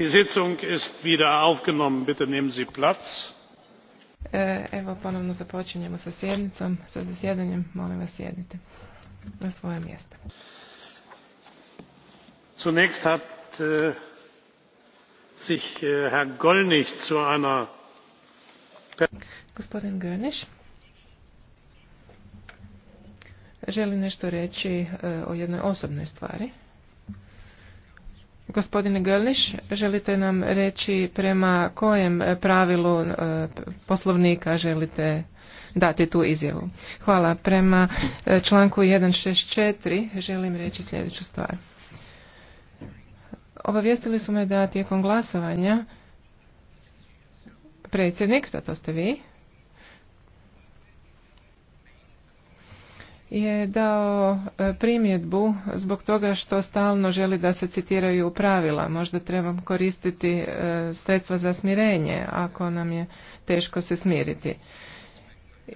die sitzung ist wieder aufgenommen. bitte nehmen sie platz. E, evo ponovno započinjemo sa sjednicom sa zasjedanjem molim vas sjednite na svoja mjesta. zunächst hat äh, sich äh, herr gollnisch zu einer gospodin gollnisch želi nešto reći e, o jednoj osobnoj stvari. Gospodine Gölniš, želite nam reći prema kojem pravilu e, poslovnika želite dati tu izjavu? Hvala. Prema e, članku 164 želim reći sljedeću stvar. Obavijestili su me da tijekom glasovanja predsjednik, da to ste vi, je dao e, primjedbu zbog toga što stalno želi da se citiraju pravila. Možda trebam koristiti e, sredstva za smirenje ako nam je teško se smiriti.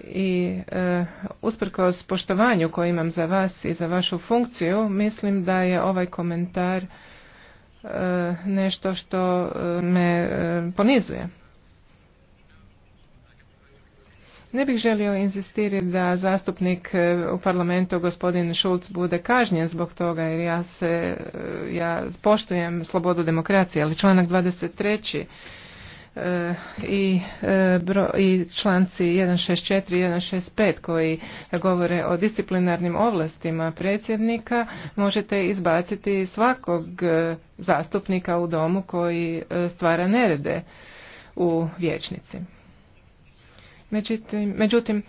I e, usprkos poštovanju koje imam za vas i za vašu funkciju, mislim da je ovaj komentar nešto što me ponizuje. Ne bih želio insistirati da zastupnik e, u parlamentu gospodin Šulc bude kažnjen zbog toga jer ja se e, ja poštujem slobodu demokracije, ali članak 23 e, i, i članci 164 i 165 koji govore o disciplinarnim ovlastima predsjednika možete izbaciti svakog zastupnika u domu koji stvara nerede u vječnici. Međutim, međutim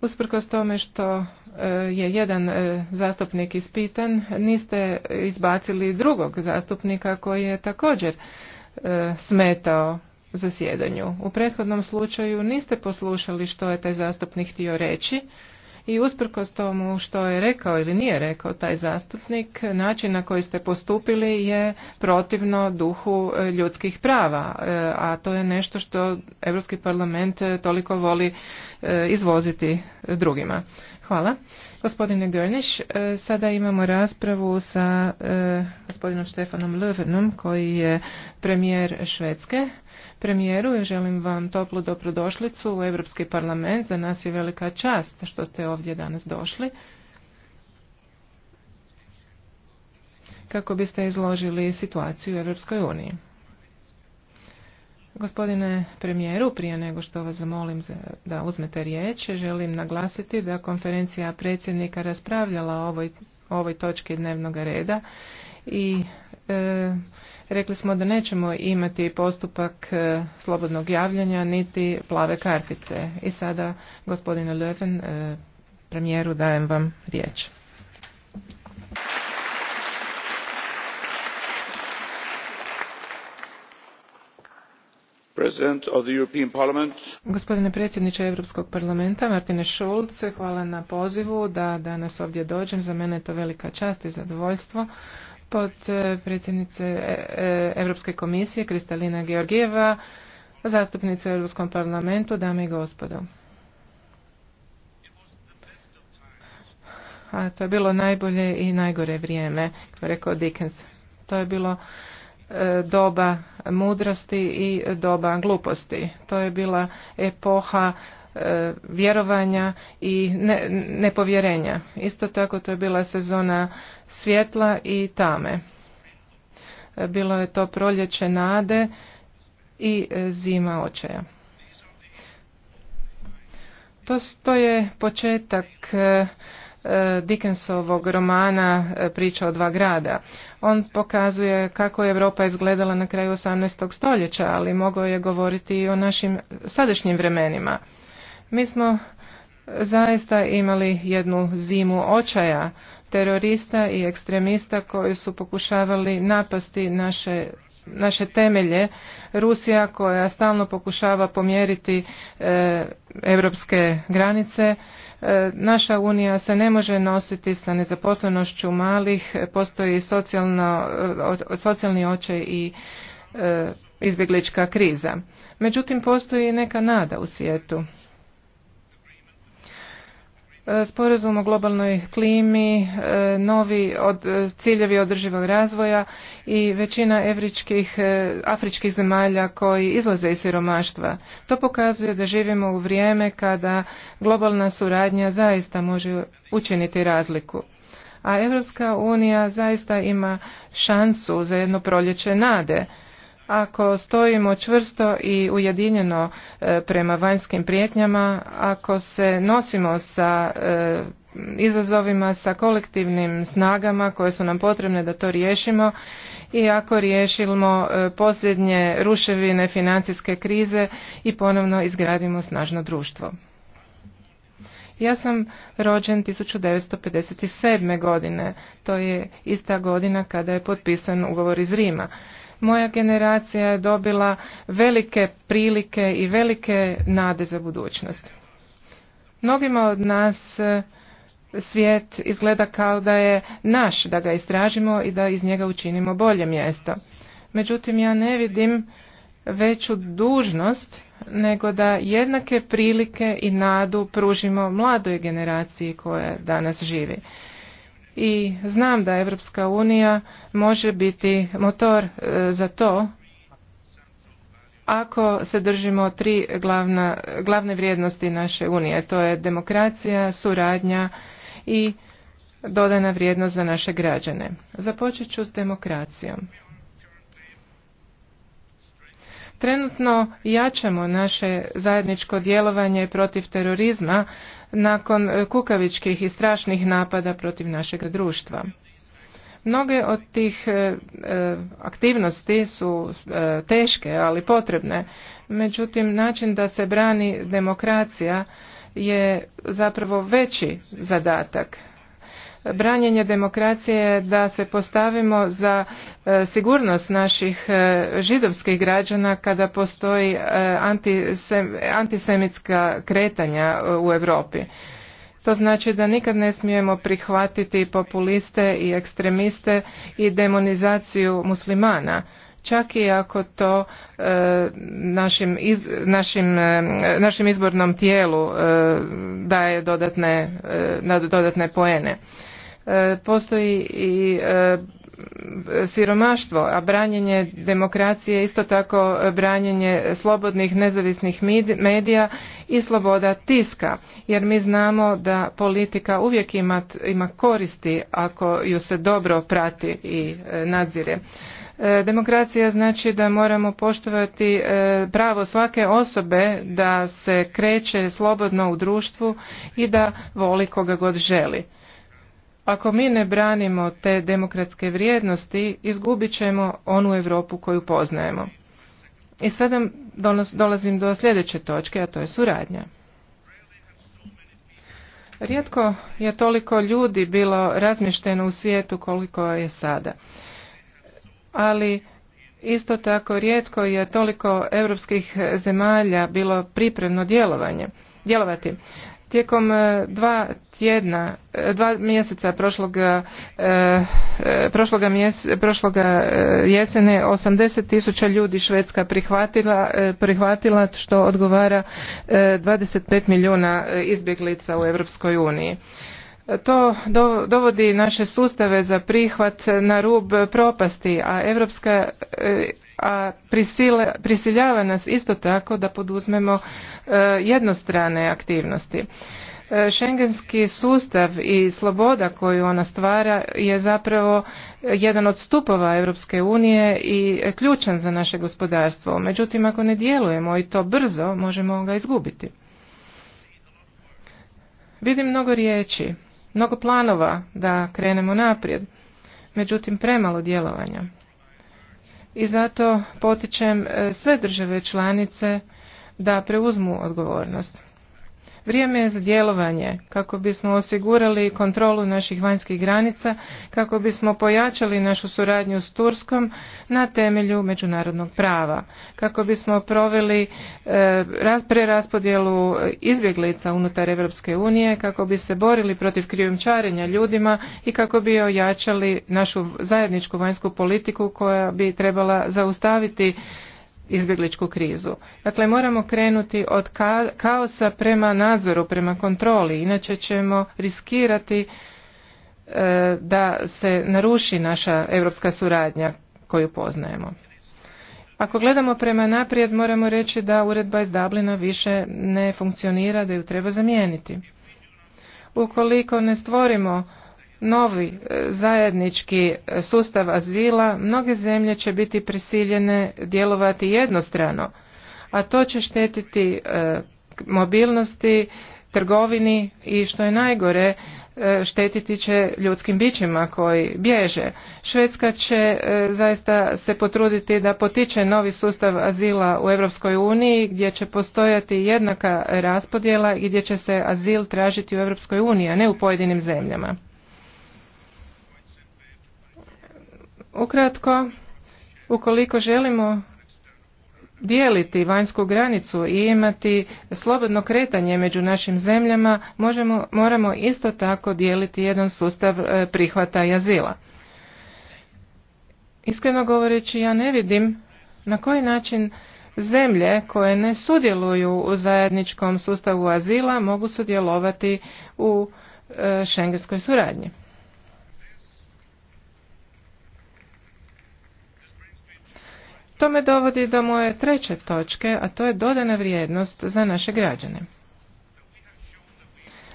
usprkos tome što e, je jedan e, zastupnik ispitan, niste izbacili drugog zastupnika koji je također e, smetao zasjedanju. U prethodnom slučaju niste poslušali što je taj zastupnik htio reći, i usprkos tomu što je rekao ili nije rekao taj zastupnik, način na koji ste postupili je protivno duhu e, ljudskih prava, e, a to je nešto što Europski parlament e, toliko voli E, izvoziti drugima. Hvala. Gospodine Görniš, e, sada imamo raspravu sa e, gospodinom Stefanom Lövenom koji je premijer Švedske. Premijeru, želim vam toplu dobrodošlicu u Europski parlament. Za nas je velika čast što ste ovdje danas došli. kako biste izložili situaciju u Europskoj uniji. Gospodine premijeru, prije nego što vas zamolim da uzmete riječ, želim naglasiti da konferencija predsjednika raspravljala o ovoj, ovoj točki dnevnog reda i e, rekli smo da nećemo imati postupak e, slobodnog javljanja niti plave kartice. I sada, gospodine Leven, e, premijeru, dajem vam riječ. Gospodine predsjedniče Europskog parlamenta Martine Schulz, hvala na pozivu da danas ovdje dođem. Za mene je to velika čast i zadovoljstvo. Pod e, predsjednice e, e, Europske komisije Kristalina georgieva zastupnice u Europskom parlamentu, dame i gospodo. A to je bilo najbolje i najgore vrijeme, kako rekao Dickens. To je bilo E, doba mudrosti i doba gluposti. To je bila epoha e, vjerovanja i nepovjerenja. Isto tako to je bila sezona svjetla i tame. E, bilo je to proljeće nade i zima očaja. To, to je početak E, Dickensovog romana e, Priča o dva grada. On pokazuje kako je Europa izgledala na kraju 18. stoljeća, ali mogao je govoriti i o našim sadašnjim vremenima. Mi smo zaista imali jednu zimu očaja terorista i ekstremista koji su pokušavali napasti naše naše temelje Rusija koja stalno pokušava pomjeriti e, europske granice E, naša unija se ne može nositi sa nezaposlenošću malih, postoji e, socijalni očaj i e, izbjeglička kriza. Međutim, postoji neka nada u svijetu sporazum o globalnoj klimi, e, novi od, e, ciljevi održivog razvoja i većina evričkih, e, afričkih zemalja koji izlaze iz siromaštva. To pokazuje da živimo u vrijeme kada globalna suradnja zaista može učiniti razliku. A Evropska unija zaista ima šansu za jedno proljeće nade ako stojimo čvrsto i ujedinjeno e, prema vanjskim prijetnjama, ako se nosimo sa e, izazovima, sa kolektivnim snagama koje su nam potrebne da to riješimo i ako riješimo e, posljednje ruševine financijske krize i ponovno izgradimo snažno društvo. Ja sam rođen 1957. godine, to je ista godina kada je potpisan ugovor iz Rima. Moja generacija je dobila velike prilike i velike nade za budućnost. Mnogima od nas e, svijet izgleda kao da je naš, da ga istražimo i da iz njega učinimo bolje mjesto. Međutim, ja ne vidim veću dužnost nego da jednake prilike i nadu pružimo mladoj generaciji koja danas živi i znam da Evropska unija može biti motor e, za to ako se držimo tri glavna, glavne vrijednosti naše unije. To je demokracija, suradnja i dodana vrijednost za naše građane. Započet ću s demokracijom. Trenutno jačamo naše zajedničko djelovanje protiv terorizma nakon e, kukavičkih i strašnih napada protiv našeg društva. Mnoge od tih e, e, aktivnosti su teške, ali potrebne. Međutim, način da se brani demokracija je zapravo veći zadatak branjenje demokracije da se postavimo za e, sigurnost naših e, židovskih građana kada postoji e, antisemitska kretanja u Europi. To znači da nikad ne smijemo prihvatiti populiste i ekstremiste i demonizaciju muslimana čak i ako to e, našim, našim, našim izbornom tijelu daje dodatne, dodatne poene. E, postoji i e, siromaštvo, a branjenje demokracije isto tako branjenje slobodnih nezavisnih medija i sloboda tiska jer mi znamo da politika uvijek ima, ima koristi ako ju se dobro prati i e, nadzire. Demokracija znači da moramo poštovati pravo svake osobe da se kreće slobodno u društvu i da voli koga god želi. Ako mi ne branimo te demokratske vrijednosti, izgubit ćemo onu Europu koju poznajemo. I sada dolazim do sljedeće točke, a to je suradnja. Rijetko je toliko ljudi bilo razmješteno u svijetu koliko je sada. Ali isto tako rijetko je toliko europskih zemalja bilo pripremno djelovanje, djelovati. Tijekom e, dva tjedna, e, dva mjeseca e, prošloga, prošloga jesene 80 tisuća ljudi Švedska prihvatila, prihvatila što odgovara 25 milijuna izbjeglica u Europskoj uniji. To dovodi naše sustave za prihvat na rub propasti, a Europska a prisiljava nas isto tako da poduzmemo e, jednostrane aktivnosti. E, Schengenski sustav i sloboda koju ona stvara je zapravo jedan od stupova Europske unije i ključan za naše gospodarstvo. Međutim, ako ne djelujemo i to brzo, možemo ga izgubiti. Vidim mnogo riječi, mnogo planova da krenemo naprijed, međutim premalo djelovanja i zato potičem e, sve države članice da preuzmu odgovornost. Vrijeme je za djelovanje kako bismo osigurali kontrolu naših vanjskih granica, kako bismo pojačali našu suradnju s Turskom na temelju međunarodnog prava, kako bismo proveli e, preraspodjelu izbjeglica unutar Europske unije, kako bi se borili protiv krijumčarenja ljudima i kako bi ojačali našu zajedničku vanjsku politiku koja bi trebala zaustaviti izbjegličku krizu. Dakle, moramo krenuti od kaosa prema nadzoru, prema kontroli, inače ćemo riskirati e, da se naruši naša europska suradnja koju poznajemo. Ako gledamo prema naprijed, moramo reći da uredba iz Dublina više ne funkcionira, da ju treba zamijeniti. Ukoliko ne stvorimo novi e, zajednički e, sustav azila, mnoge zemlje će biti prisiljene djelovati jednostrano, a to će štetiti e, mobilnosti, trgovini i što je najgore štetiti će ljudskim bićima koji bježe. Švedska će zaista se potruditi da potiče novi sustav azila u Europskoj uniji gdje će postojati jednaka raspodjela i gdje će se azil tražiti u Europskoj uniji, a ne u pojedinim zemljama. Ukratko, ukoliko želimo dijeliti vanjsku granicu i imati slobodno kretanje među našim zemljama, možemo, moramo isto tako dijeliti jedan sustav e, prihvata i azila. Iskreno govoreći, ja ne vidim na koji način zemlje koje ne sudjeluju u zajedničkom sustavu azila mogu sudjelovati u e, šengenskoj suradnji. To me dovodi do moje treće točke, a to je dodana vrijednost za naše građane.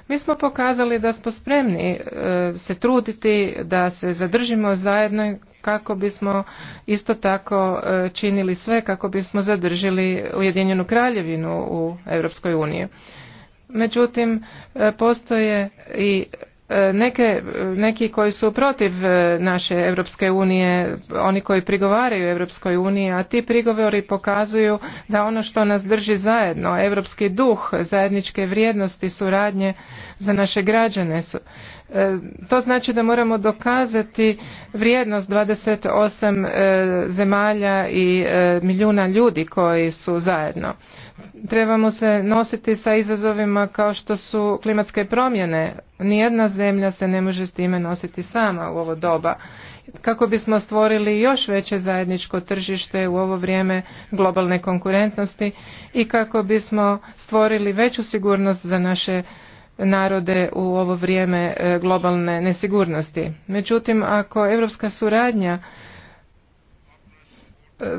Mi smo pokazali da smo spremni e, se truditi da se zadržimo zajedno kako bismo isto tako e, činili sve kako bismo zadržili Ujedinjenu kraljevinu u Europskoj uniji. Međutim, e, postoje i E, neke, neki koji su protiv e, naše Europske unije, oni koji prigovaraju Europskoj uniji, a ti prigovori pokazuju da ono što nas drži zajedno, europski duh, zajedničke vrijednosti, suradnje za naše građane su. E, to znači da moramo dokazati vrijednost 28 zemalja i milijuna ljudi koji su zajedno trebamo se nositi sa izazovima kao što su klimatske promjene. Nijedna zemlja se ne može s time nositi sama u ovo doba. Kako bismo stvorili još veće zajedničko tržište u ovo vrijeme globalne konkurentnosti i kako bismo stvorili veću sigurnost za naše narode u ovo vrijeme e, globalne nesigurnosti. Međutim, ako europska suradnja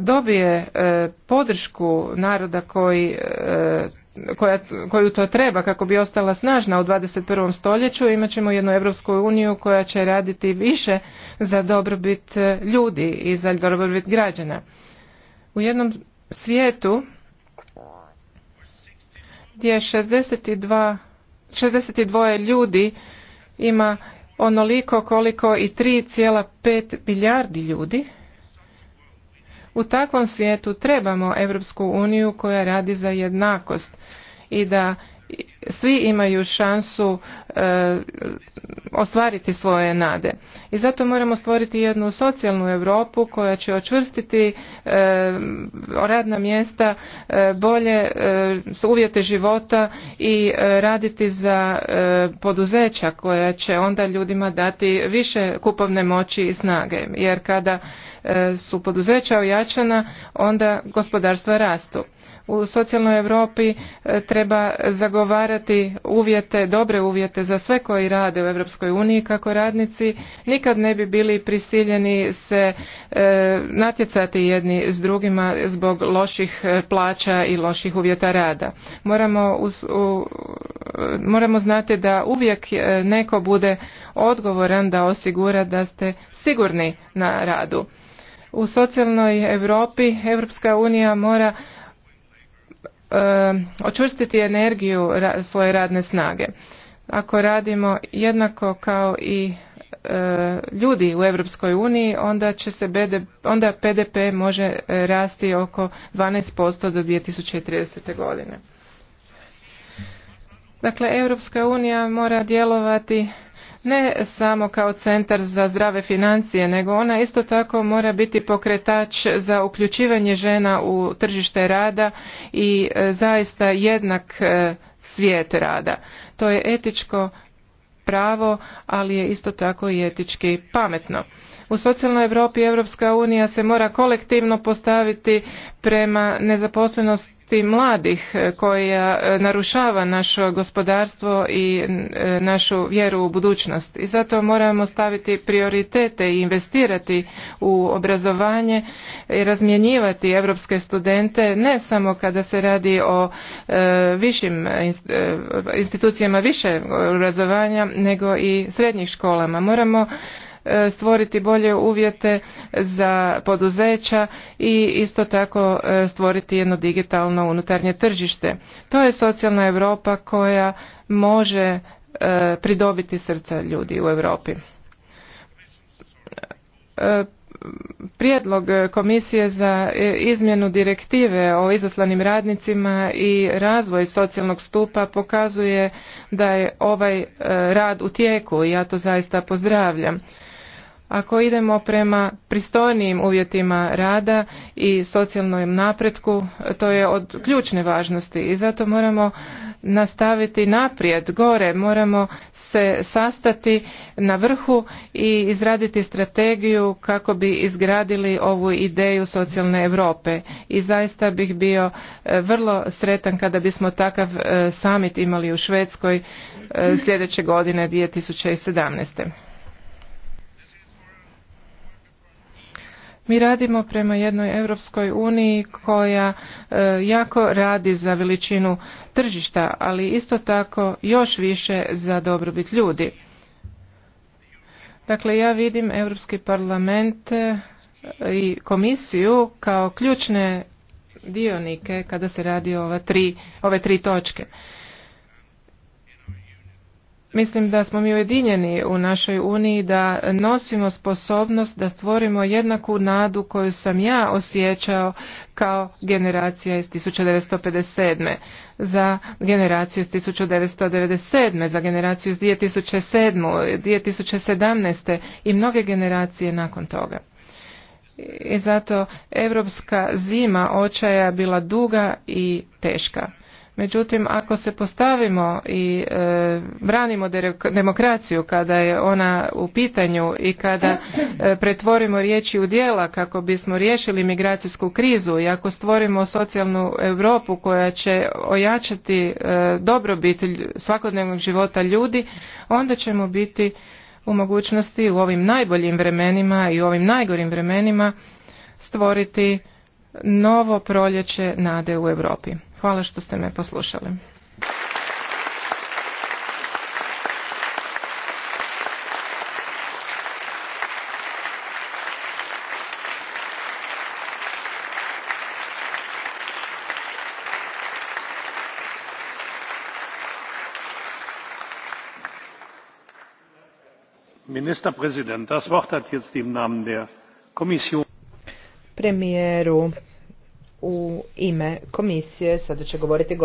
dobije e, podršku naroda koji e, koja, koju to treba kako bi ostala snažna u 21. stoljeću imat ćemo jednu Europsku uniju koja će raditi više za dobrobit e, ljudi i za dobrobit građana. U jednom svijetu gdje 62, 62 ljudi ima onoliko koliko i 3,5 milijardi ljudi u takvom svijetu trebamo Europsku uniju koja radi za jednakost i da svi imaju šansu e, ostvariti svoje nade i zato moramo stvoriti jednu socijalnu Europu koja će očvrstiti e, radna mjesta e, bolje uvjete života i raditi za poduzeća koja će onda ljudima dati više kupovne moći i snage jer kada su poduzeća ojačana onda gospodarstva rastu u socijalnoj Europi e, treba zagovarati uvjete, dobre uvjete za sve koji rade u Europskoj uniji kako radnici nikad ne bi bili prisiljeni se e, natjecati jedni s drugima zbog loših e, plaća i loših uvjeta rada. Moramo, moramo znati da uvijek neko bude odgovoran da osigura da ste sigurni na radu. U socijalnoj Europi Europska unija mora Eh, očvrstiti energiju svoje radne snage. Ako radimo jednako kao i eh, ljudi u Europskoj uniji, onda će se onda PDP može eh, rasti oko 12% do 2030. godine. Dakle, Europska unija mora djelovati ne samo kao centar za zdrave financije, nego ona isto tako mora biti pokretač za uključivanje žena u tržište rada i e, zaista jednak e, svijet rada. To je etičko pravo, ali je isto tako i etički pametno. U socijalnoj Europi Europska unija se mora kolektivno postaviti prema nezaposlenosti mladih e, koja e, narušava naše gospodarstvo i e, našu vjeru u budućnost. I zato moramo staviti prioritete i investirati u obrazovanje i razmjenjivati evropske studente ne samo kada se radi o višim institucijama više obrazovanja nego i srednjih školama. Moramo E, stvoriti bolje uvjete za poduzeća i isto tako e, stvoriti jedno digitalno unutarnje tržište. To je socijalna Europa koja može e, pridobiti srca ljudi u Europi. Prijedlog komisije za izmjenu direktive o izaslanim radnicima i razvoj socijalnog stupa pokazuje da je ovaj rad u tijeku i ja to zaista pozdravljam. Ako idemo prema pristojnijim uvjetima rada i socijalnom napretku, to je od ključne važnosti i zato moramo nastaviti naprijed, gore, moramo se sastati na vrhu i izraditi strategiju kako bi izgradili ovu ideju socijalne Europe. I zaista bih bio e, vrlo sretan kada bismo takav e, summit imali u Švedskoj e, sljedeće godine 2017. Mi radimo prema jednoj Europskoj uniji koja e, jako radi za veličinu tržišta, ali isto tako još više za dobrobit ljudi. Dakle, ja vidim Europski parlament e, i komisiju kao ključne dionike kada se radi ova tri, ove tri točke. Mislim da smo mi ujedinjeni u našoj uniji da nosimo sposobnost da stvorimo jednaku nadu koju sam ja osjećao kao generacija iz 1957. za generaciju iz 1997. za generaciju iz 2007. 2017. i mnoge generacije nakon toga. I zato evropska zima očaja bila duga i teška. Međutim, ako se postavimo i e, branimo demokraciju kada je ona u pitanju i kada e, pretvorimo riječi u djela kako bismo riješili migracijsku krizu i ako stvorimo socijalnu Europu koja će ojačati e, dobrobit svakodnevnog života ljudi, onda ćemo biti u mogućnosti u ovim najboljim vremenima i u ovim najgorim vremenima stvoriti novo proljeće nade u Europi. Hvala što ste me poslušali. Ministerpräsident, das Wort hat jetzt im Namen der Kommission. Premijeru, u ime komisije sada će govoriti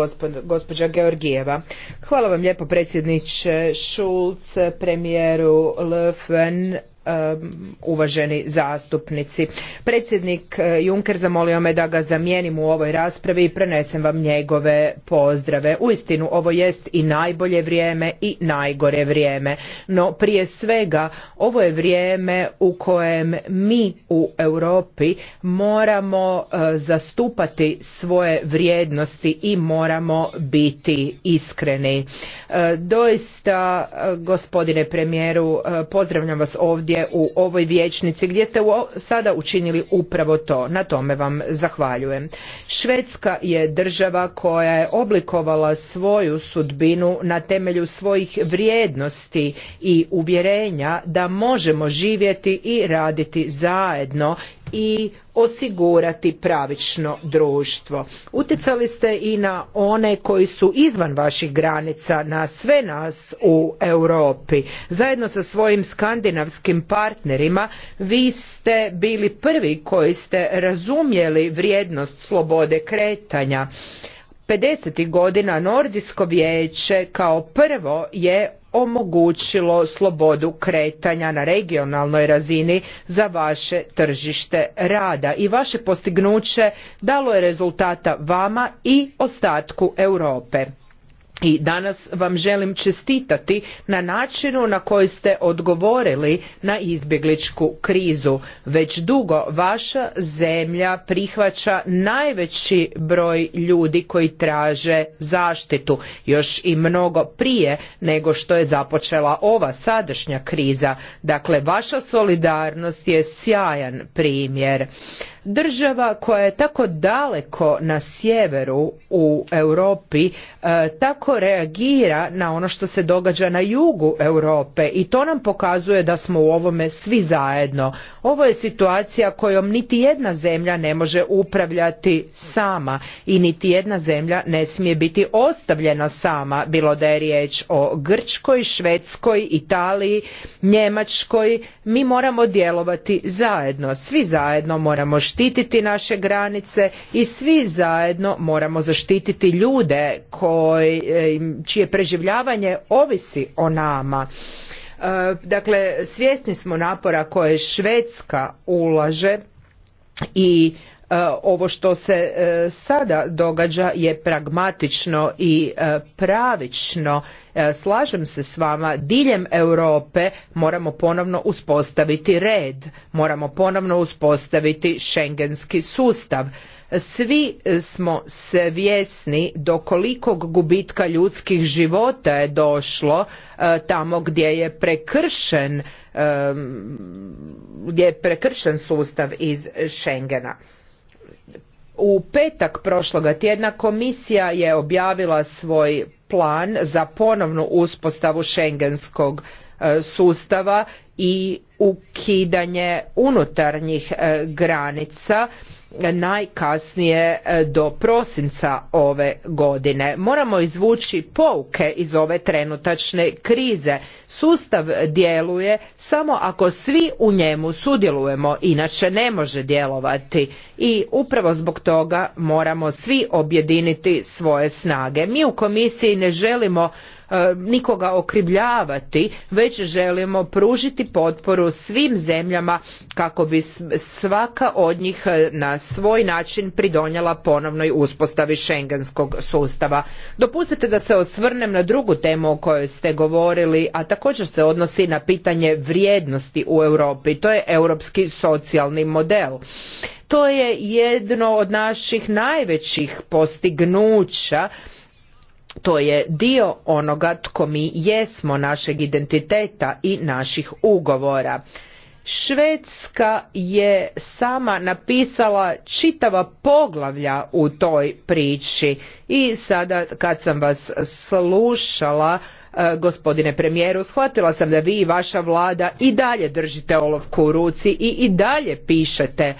gospođa Georgijeva. Hvala vam lijepo predsjedniče Šulc, premijeru Löfven, Um, uvaženi zastupnici. Predsjednik uh, Juncker zamolio me da ga zamijenim u ovoj raspravi i prenesem vam njegove pozdrave. Uistinu ovo jest i najbolje vrijeme i najgore vrijeme, no prije svega ovo je vrijeme u kojem mi u Europi moramo uh, zastupati svoje vrijednosti i moramo biti iskreni. Uh, doista, gospodine premijeru, pozdravljam vas ovdje u ovoj vijećnici gdje ste sada učinili upravo to. Na tome vam zahvaljujem. Švedska je država koja je oblikovala svoju sudbinu na temelju svojih vrijednosti i uvjerenja da možemo živjeti i raditi zajedno i osigurati pravično društvo. Utjecali ste i na one koji su izvan vaših granica, na sve nas u Europi. Zajedno sa svojim skandinavskim partnerima vi ste bili prvi koji ste razumjeli vrijednost slobode kretanja 50. godina Nordijsko vijeće kao prvo je omogućilo slobodu kretanja na regionalnoj razini za vaše tržište rada i vaše postignuće dalo je rezultata vama i ostatku Europe i danas vam želim čestitati na načinu na koji ste odgovorili na izbjegličku krizu. Već dugo vaša zemlja prihvaća najveći broj ljudi koji traže zaštitu, još i mnogo prije nego što je započela ova sadašnja kriza. Dakle, vaša solidarnost je sjajan primjer. Država koja je tako daleko na sjeveru u Europi e, tako reagira na ono što se događa na jugu Europe i to nam pokazuje da smo u ovome svi zajedno. Ovo je situacija kojom niti jedna zemlja ne može upravljati sama i niti jedna zemlja ne smije biti ostavljena sama, bilo da je riječ o Grčkoj, Švedskoj, Italiji, Njemačkoj. Mi moramo djelovati zajedno, svi zajedno moramo štiti štititi naše granice i svi zajedno moramo zaštititi ljude e, čije preživljavanje ovisi o nama. E, dakle, svjesni smo napora koje Švedska ulaže i E, ovo što se e, sada događa je pragmatično i e, pravično. Slažem se s vama, diljem Europe moramo ponovno uspostaviti red, moramo ponovno uspostaviti šengenski sustav. Svi smo svjesni do kolikog gubitka ljudskih života je došlo tamo gdje je prekršen, gdje je prekršen sustav iz Schengena u petak prošloga tjedna komisija je objavila svoj plan za ponovnu uspostavu schengenskog e, sustava i ukidanje unutarnjih e, granica najkasnije e, do prosinca ove godine. Moramo izvući pouke iz ove trenutačne krize. Sustav djeluje samo ako svi u njemu sudjelujemo, inače ne može djelovati i upravo zbog toga moramo svi objediniti svoje snage. Mi u komisiji ne želimo E, nikoga okrivljavati već želimo pružiti potporu svim zemljama kako bi svaka od njih e, na svoj način pridonijela ponovnoj uspostavi šengenskog sustava dopustite da se osvrnem na drugu temu o kojoj ste govorili a također se odnosi na pitanje vrijednosti u Europi to je europski socijalni model to je jedno od naših najvećih postignuća to je dio onoga tko mi jesmo našeg identiteta i naših ugovora Švedska je sama napisala čitava poglavlja u toj priči i sada kad sam vas slušala e, gospodine premijeru shvatila sam da vi i vaša vlada i dalje držite olovku u ruci i i dalje pišete e,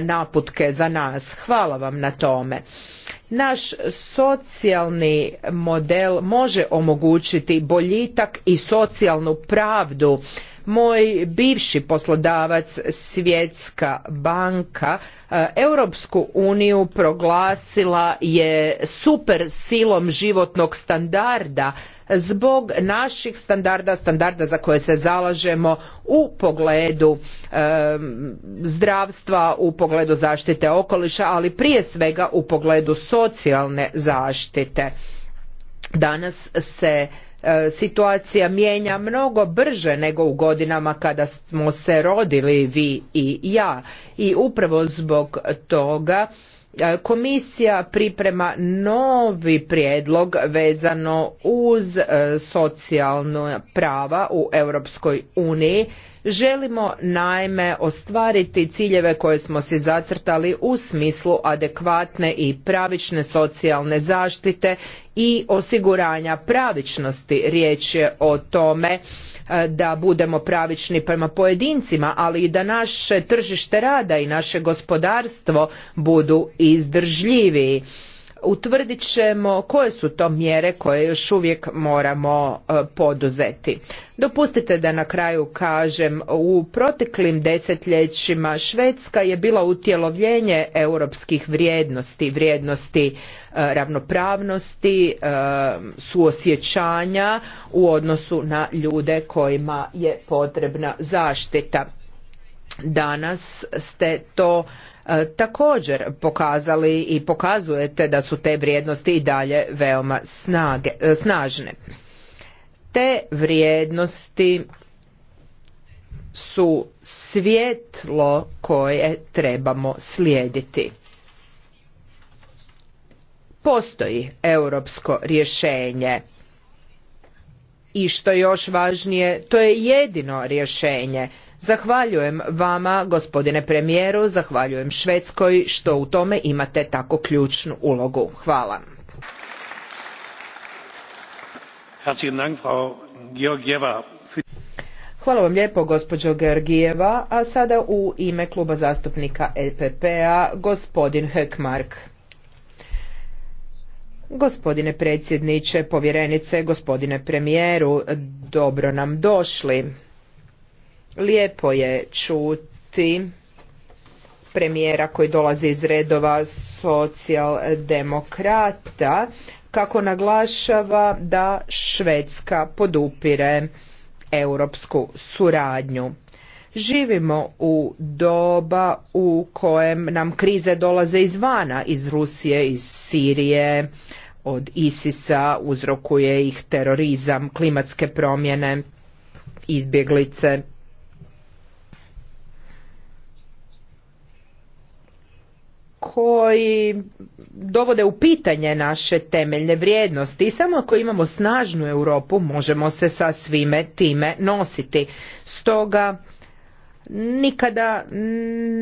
naputke za nas hvala vam na tome naš socijalni model može omogućiti boljitak i socijalnu pravdu. Moj bivši poslodavac Svjetska banka e, Europsku uniju proglasila je super silom životnog standarda zbog naših standarda, standarda za koje se zalažemo u pogledu zdravstva, u pogledu zaštite okoliša, ali prije svega u pogledu socijalne zaštite. Danas se e, situacija mijenja mnogo brže nego u godinama kada smo se rodili vi i ja i upravo zbog toga E, komisija priprema novi prijedlog vezano uz e, socijalna prava u Europskoj uniji. Želimo naime ostvariti ciljeve koje smo si zacrtali u smislu adekvatne i pravične socijalne zaštite i osiguranja pravičnosti. Riječ je o tome E, da budemo pravični prema pojedincima, ali i da naše tržište rada i naše gospodarstvo budu izdržljiviji utvrdit ćemo koje su to mjere koje još uvijek moramo e, poduzeti. Dopustite da na kraju kažem, u proteklim desetljećima Švedska je bila utjelovljenje europskih vrijednosti, vrijednosti e, ravnopravnosti, e, suosjećanja u odnosu na ljude kojima je potrebna zaštita. Danas ste to E, također pokazali i pokazujete da su te vrijednosti i dalje veoma snage, e, snažne. Te vrijednosti su svjetlo koje trebamo slijediti. Postoji europsko rješenje i što je još važnije, to je jedino rješenje Zahvaljujem vama, gospodine premijeru, zahvaljujem Švedskoj što u tome imate tako ključnu ulogu. Hvala. Hvala vam lijepo, gospođo Georgijeva, a sada u ime kluba zastupnika EPP-a, gospodin Hekmark. Gospodine predsjedniče, povjerenice, gospodine premijeru, dobro nam došli. Lijepo je čuti premijera koji dolazi iz redova socijaldemokrata kako naglašava da Švedska podupire europsku suradnju. Živimo u doba u kojem nam krize dolaze izvana, iz Rusije, iz Sirije, od Isisa, uzrokuje ih terorizam, klimatske promjene, izbjeglice koji dovode u pitanje naše temeljne vrijednosti i samo ako imamo snažnu Europu možemo se sa svime time nositi. Stoga nikada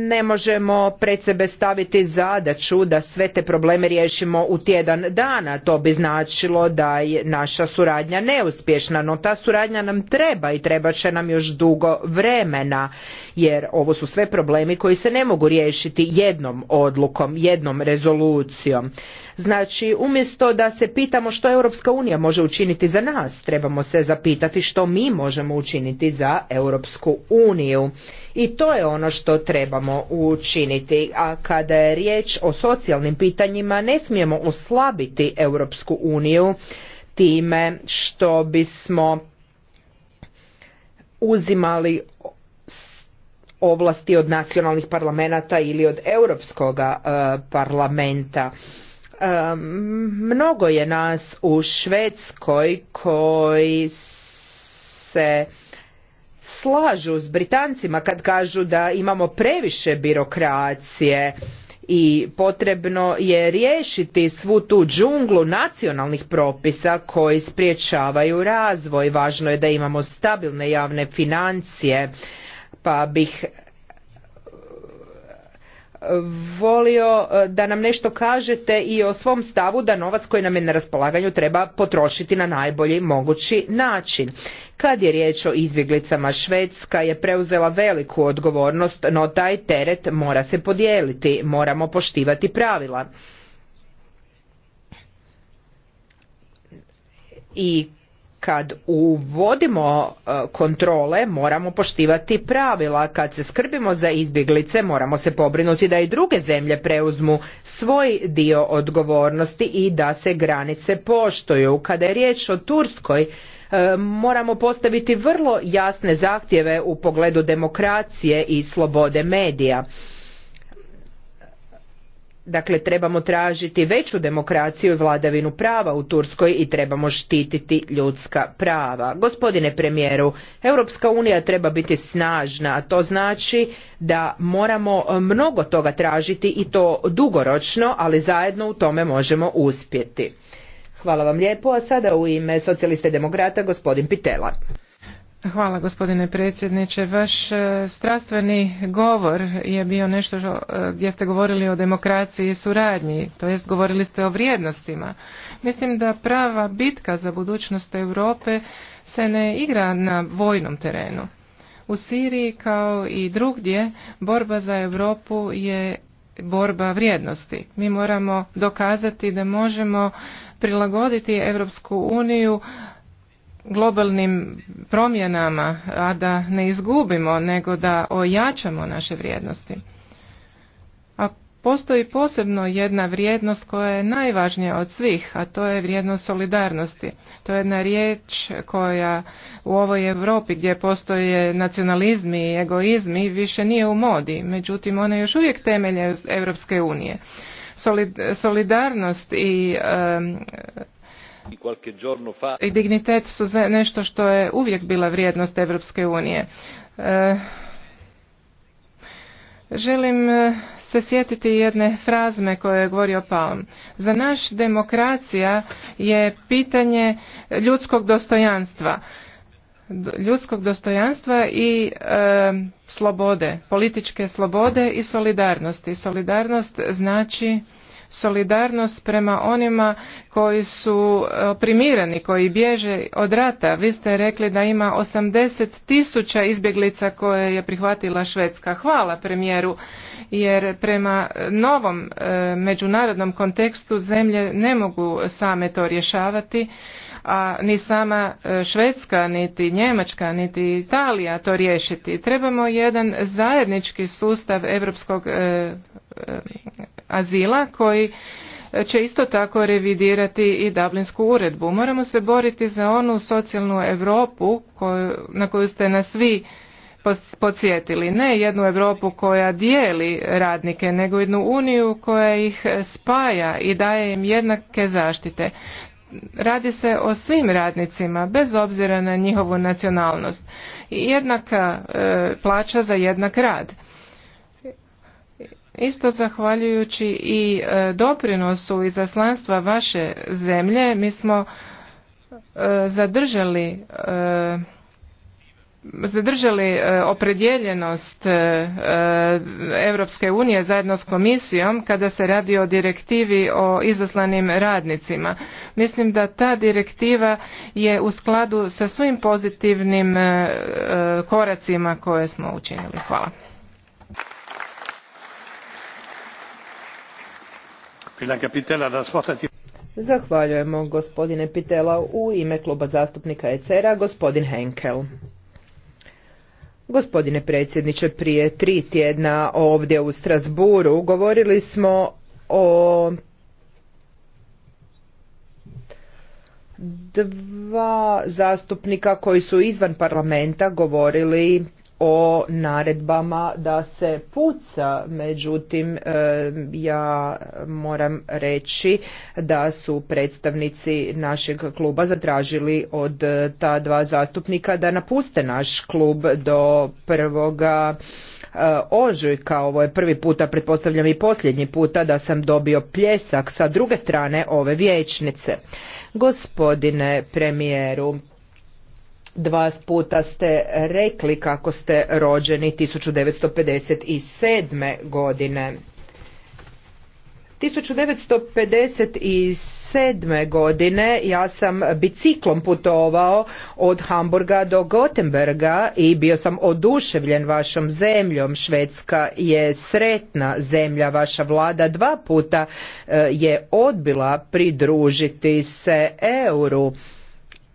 ne možemo pred sebe staviti zadaću da sve te probleme riješimo u tjedan dana. To bi značilo da je naša suradnja neuspješna, no ta suradnja nam treba i treba će nam još dugo vremena, jer ovo su sve problemi koji se ne mogu riješiti jednom odlukom, jednom rezolucijom. Znači, umjesto da se pitamo što Europska unija može učiniti za nas, trebamo se zapitati što mi možemo učiniti za Europsku uniju. I to je ono što trebamo učiniti. A kada je riječ o socijalnim pitanjima, ne smijemo oslabiti Europsku uniju time što bismo uzimali ovlasti od nacionalnih parlamenata ili od Europskoga e, parlamenta. Mnogo je nas u Švedskoj koji se slažu s Britancima kad kažu da imamo previše birokracije i potrebno je riješiti svu tu džunglu nacionalnih propisa koji spriječavaju razvoj. Važno je da imamo stabilne javne financije pa bih volio e, da nam nešto kažete i o svom stavu da novac koji nam je na raspolaganju treba potrošiti na najbolji mogući način. Kad je riječ o izbjeglicama, Švedska je preuzela veliku odgovornost, no taj teret mora se podijeliti, moramo poštivati pravila. I kad uvodimo e, kontrole moramo poštivati pravila kad se skrbimo za izbjeglice moramo se pobrinuti da i druge zemlje preuzmu svoj dio odgovornosti i da se granice poštuju kada je riječ o turskoj e, moramo postaviti vrlo jasne zahtjeve u pogledu demokracije i slobode medija Dakle, trebamo tražiti veću demokraciju i vladavinu prava u Turskoj i trebamo štititi ljudska prava. Gospodine premijeru, Europska unija treba biti snažna, a to znači da moramo mnogo toga tražiti i to dugoročno, ali zajedno u tome možemo uspjeti. Hvala vam lijepo, a sada u ime socijaliste demokrata gospodin Pitela. Hvala gospodine predsjedniče. Vaš e, strastveni govor je bio nešto e, gdje ste govorili o demokraciji i suradnji, to jest govorili ste o vrijednostima. Mislim da prava bitka za budućnost Europe se ne igra na vojnom terenu. U Siriji kao i drugdje borba za Europu je borba vrijednosti. Mi moramo dokazati da možemo prilagoditi Europsku uniju globalnim promjenama, a da ne izgubimo, nego da ojačamo naše vrijednosti. A postoji posebno jedna vrijednost koja je najvažnija od svih, a to je vrijednost solidarnosti. To je jedna riječ koja u ovoj Europi gdje postoje nacionalizmi i egoizmi više nije u modi, međutim ona još uvijek temelje Europske unije. Solidarnost i i dignitet su nešto što je uvijek bila vrijednost Evropske unije. E, želim e, se sjetiti jedne frazme koje je govorio Palm. Za naš demokracija je pitanje ljudskog dostojanstva. Ljudskog dostojanstva i e, slobode, političke slobode i solidarnosti. Solidarnost znači solidarnost prema onima koji su e, primirani, koji bježe od rata. Vi ste rekli da ima 80 tisuća izbjeglica koje je prihvatila Švedska. Hvala premijeru, jer prema e, novom e, međunarodnom kontekstu zemlje ne mogu same to rješavati a ni sama e, Švedska, niti Njemačka, niti Italija to riješiti. Trebamo jedan zajednički sustav europskog e, e, azila koji će isto tako revidirati i Dublinsku uredbu. Moramo se boriti za onu socijalnu Europu na koju ste nas svi podsjetili. Ne jednu Europu koja dijeli radnike, nego jednu uniju koja ih spaja i daje im jednake zaštite radi se o svim radnicima bez obzira na njihovu nacionalnost i jednaka e, plaća za jednak rad Isto zahvaljujući i e, doprinosu izaslanstva vaše zemlje mi smo e, zadržali zadržali e, opredjeljenost e, e, Europske unije zajedno s komisijom kada se radi o direktivi o izaslanim radnicima. Mislim da ta direktiva je u skladu sa svim pozitivnim koracima koje smo učinili. Hvala. Zahvaljujemo gospodine Pitela u ime kluba zastupnika ECR-a gospodin Henkel. Gospodine predsjedniče, prije tri tjedna ovdje u Strasburu govorili smo o dva zastupnika koji su izvan parlamenta govorili o naredbama da se puca, međutim e, ja moram reći da su predstavnici našeg kluba zatražili od e, ta dva zastupnika da napuste naš klub do prvoga e, ožujka, ovo je prvi puta, pretpostavljam i posljednji puta da sam dobio pljesak sa druge strane ove vječnice, Gospodine premijeru, dva puta ste rekli kako ste rođeni 1957. godine. 1957. godine ja sam biciklom putovao od Hamburga do Gotemberga i bio sam oduševljen vašom zemljom. Švedska je sretna zemlja, vaša vlada dva puta eh, je odbila pridružiti se euru.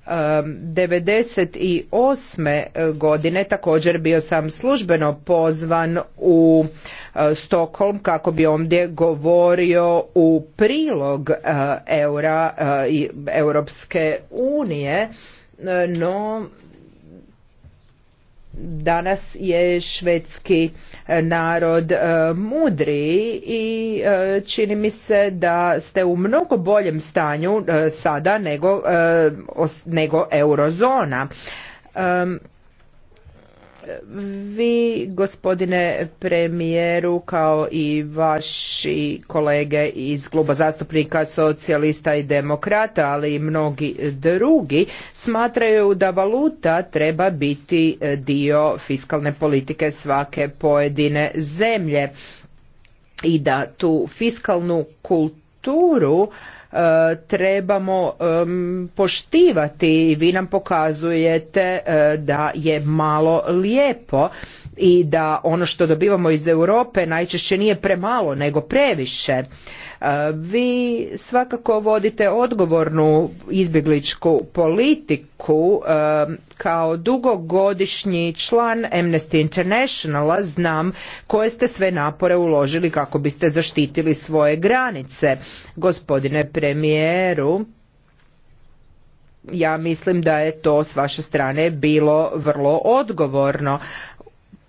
1998. godine također bio sam službeno pozvan u e, Stockholm kako bi ovdje govorio u prilog e, eura e, i Europske unije, no danas je švedski narod e, mudri i e, čini mi se da ste u mnogo boljem stanju e, sada nego, nego eurozona. Vi, gospodine premijeru, kao i vaši kolege iz kluba zastupnika socijalista i demokrata, ali i mnogi drugi, smatraju da valuta treba biti dio fiskalne politike svake pojedine zemlje i da tu fiskalnu kulturu E, trebamo poštivati i vi nam pokazujete e, da je malo lijepo i da ono što dobivamo iz Europe najčešće nije premalo nego previše E, vi svakako vodite odgovornu izbjegličku politiku e, kao dugogodišnji član Amnesty Internationala znam koje ste sve napore uložili kako biste zaštitili svoje granice. Gospodine premijeru, ja mislim da je to s vaše strane bilo vrlo odgovorno.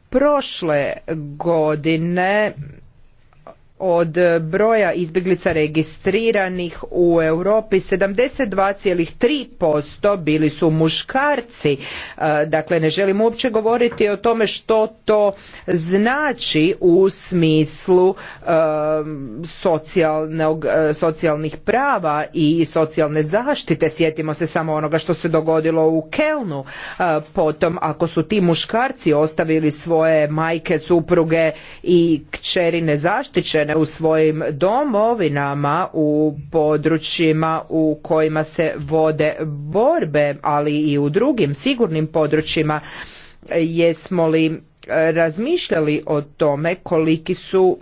Prošle godine od broja izbjeglica registriranih u Europi 72,3% bili su muškarci. E, dakle, ne želim uopće govoriti o tome što to znači u smislu e, socijalnog, e, socijalnih prava i socijalne zaštite. Sjetimo se samo onoga što se dogodilo u Kelnu. Potom, ako su ti muškarci ostavili svoje majke, supruge i kćeri nezaštićene, u svojim domovinama u područjima u kojima se vode borbe, ali i u drugim sigurnim područjima. Jesmo li razmišljali o tome koliki su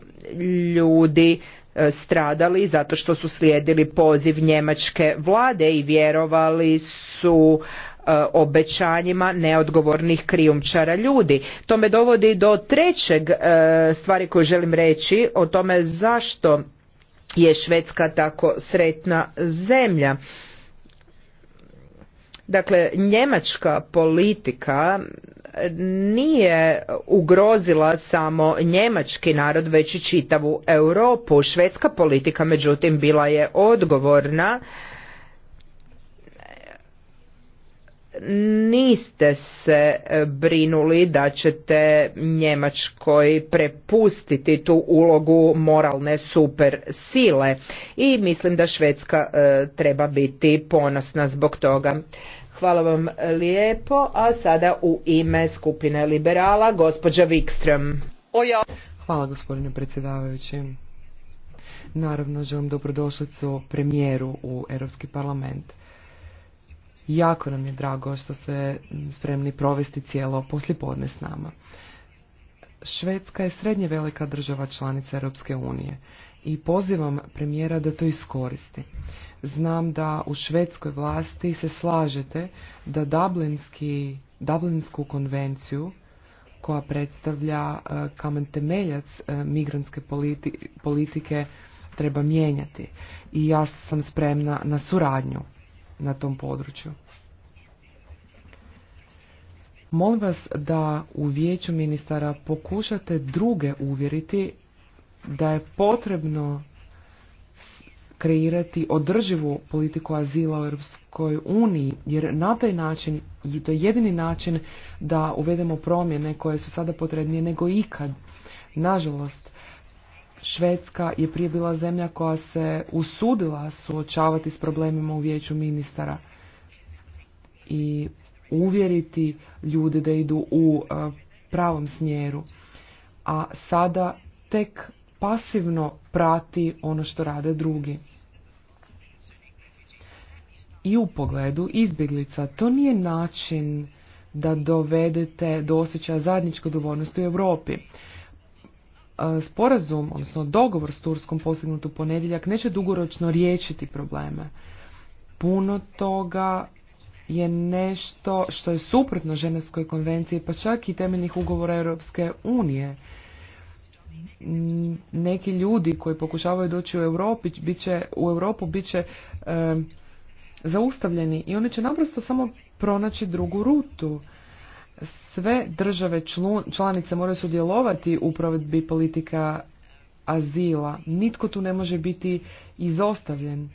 ljudi e, stradali zato što su slijedili poziv njemačke vlade i vjerovali su E, obećanjima neodgovornih krijumčara ljudi. To me dovodi do trećeg e, stvari koju želim reći o tome zašto je Švedska tako sretna zemlja. Dakle, njemačka politika nije ugrozila samo njemački narod, već i čitavu Europu. Švedska politika, međutim, bila je odgovorna niste se e, brinuli da ćete Njemačkoj prepustiti tu ulogu moralne super sile i mislim da Švedska e, treba biti ponosna zbog toga. Hvala vam lijepo, a sada u ime skupine liberala gospođa Wikström. Hvala gospodine predsjedavajući. Naravno želim dobrodošlicu premijeru u Europski parlament. Jako nam je drago što ste spremni provesti cijelo poslijepodne s nama. Švedska je srednje velika država članica Europske unije i pozivam premijera da to iskoristi. Znam da u švedskoj vlasti se slažete da Dublinski, Dublinsku konvenciju koja predstavlja e, kamen temeljac e, migrantske politike treba mijenjati i ja sam spremna na suradnju na tom području. Molim vas da u vijeću ministara pokušate druge uvjeriti da je potrebno kreirati održivu politiku azila u Europskoj uniji, jer na taj način, to je jedini način da uvedemo promjene koje su sada potrebnije nego ikad. Nažalost, Švedska je prije bila zemlja koja se usudila suočavati s problemima u vijeću ministara i uvjeriti ljude da idu u e, pravom smjeru, a sada tek pasivno prati ono što rade drugi. I u pogledu izbjeglica, to nije način da dovedete do osjećaja zajedničke odgovornosti u Europi. E, sporazum, odnosno dogovor s Turskom postignut u ponedjeljak neće dugoročno riješiti probleme. Puno toga je nešto što je suprotno ženevskoj konvenciji, pa čak i temeljnih ugovora Europske unije. Neki ljudi koji pokušavaju doći u Europi, će u Europu bit će e, zaustavljeni i oni će naprosto samo pronaći drugu rutu sve države članice moraju sudjelovati u provedbi politika azila. Nitko tu ne može biti izostavljen.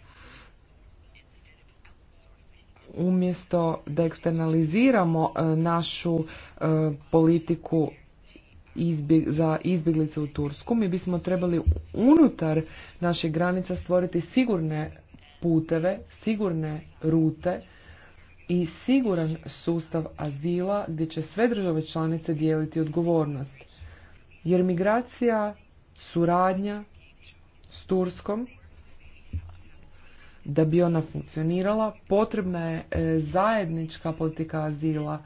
Umjesto da eksternaliziramo e, našu e, politiku za izbjeglice u Tursku, mi bismo trebali unutar naše granica stvoriti sigurne puteve, sigurne rute i siguran sustav azila gdje će sve države članice dijeliti odgovornost. Jer migracija, suradnja s Turskom, da bi ona funkcionirala, potrebna je e, zajednička politika azila.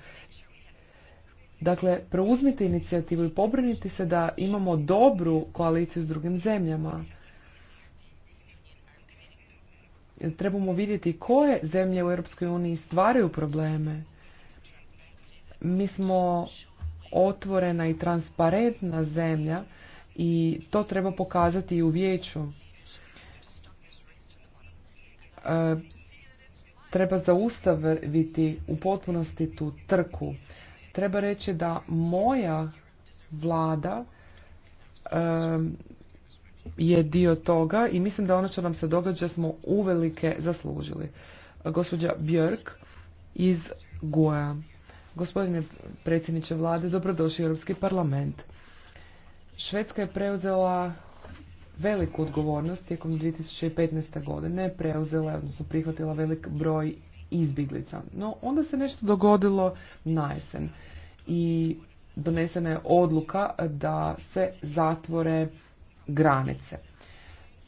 Dakle, preuzmite inicijativu i pobrinite se da imamo dobru koaliciju s drugim zemljama trebamo vidjeti koje zemlje u Europskoj uniji stvaraju probleme. Mi smo otvorena i transparentna zemlja i to treba pokazati i u vijeću. E, treba zaustaviti u potpunosti tu trku. Treba reći da moja vlada e, je dio toga i mislim da ono što nam se događa smo uvelike zaslužili. Gospođa Björk iz Goja. Gospodine predsjedniče vlade, dobrodošli u Europski parlament. Švedska je preuzela veliku odgovornost tijekom 2015. godine, preuzela je, odnosno prihvatila velik broj izbjeglica. No, onda se nešto dogodilo na jesen i donesena je odluka da se zatvore granice.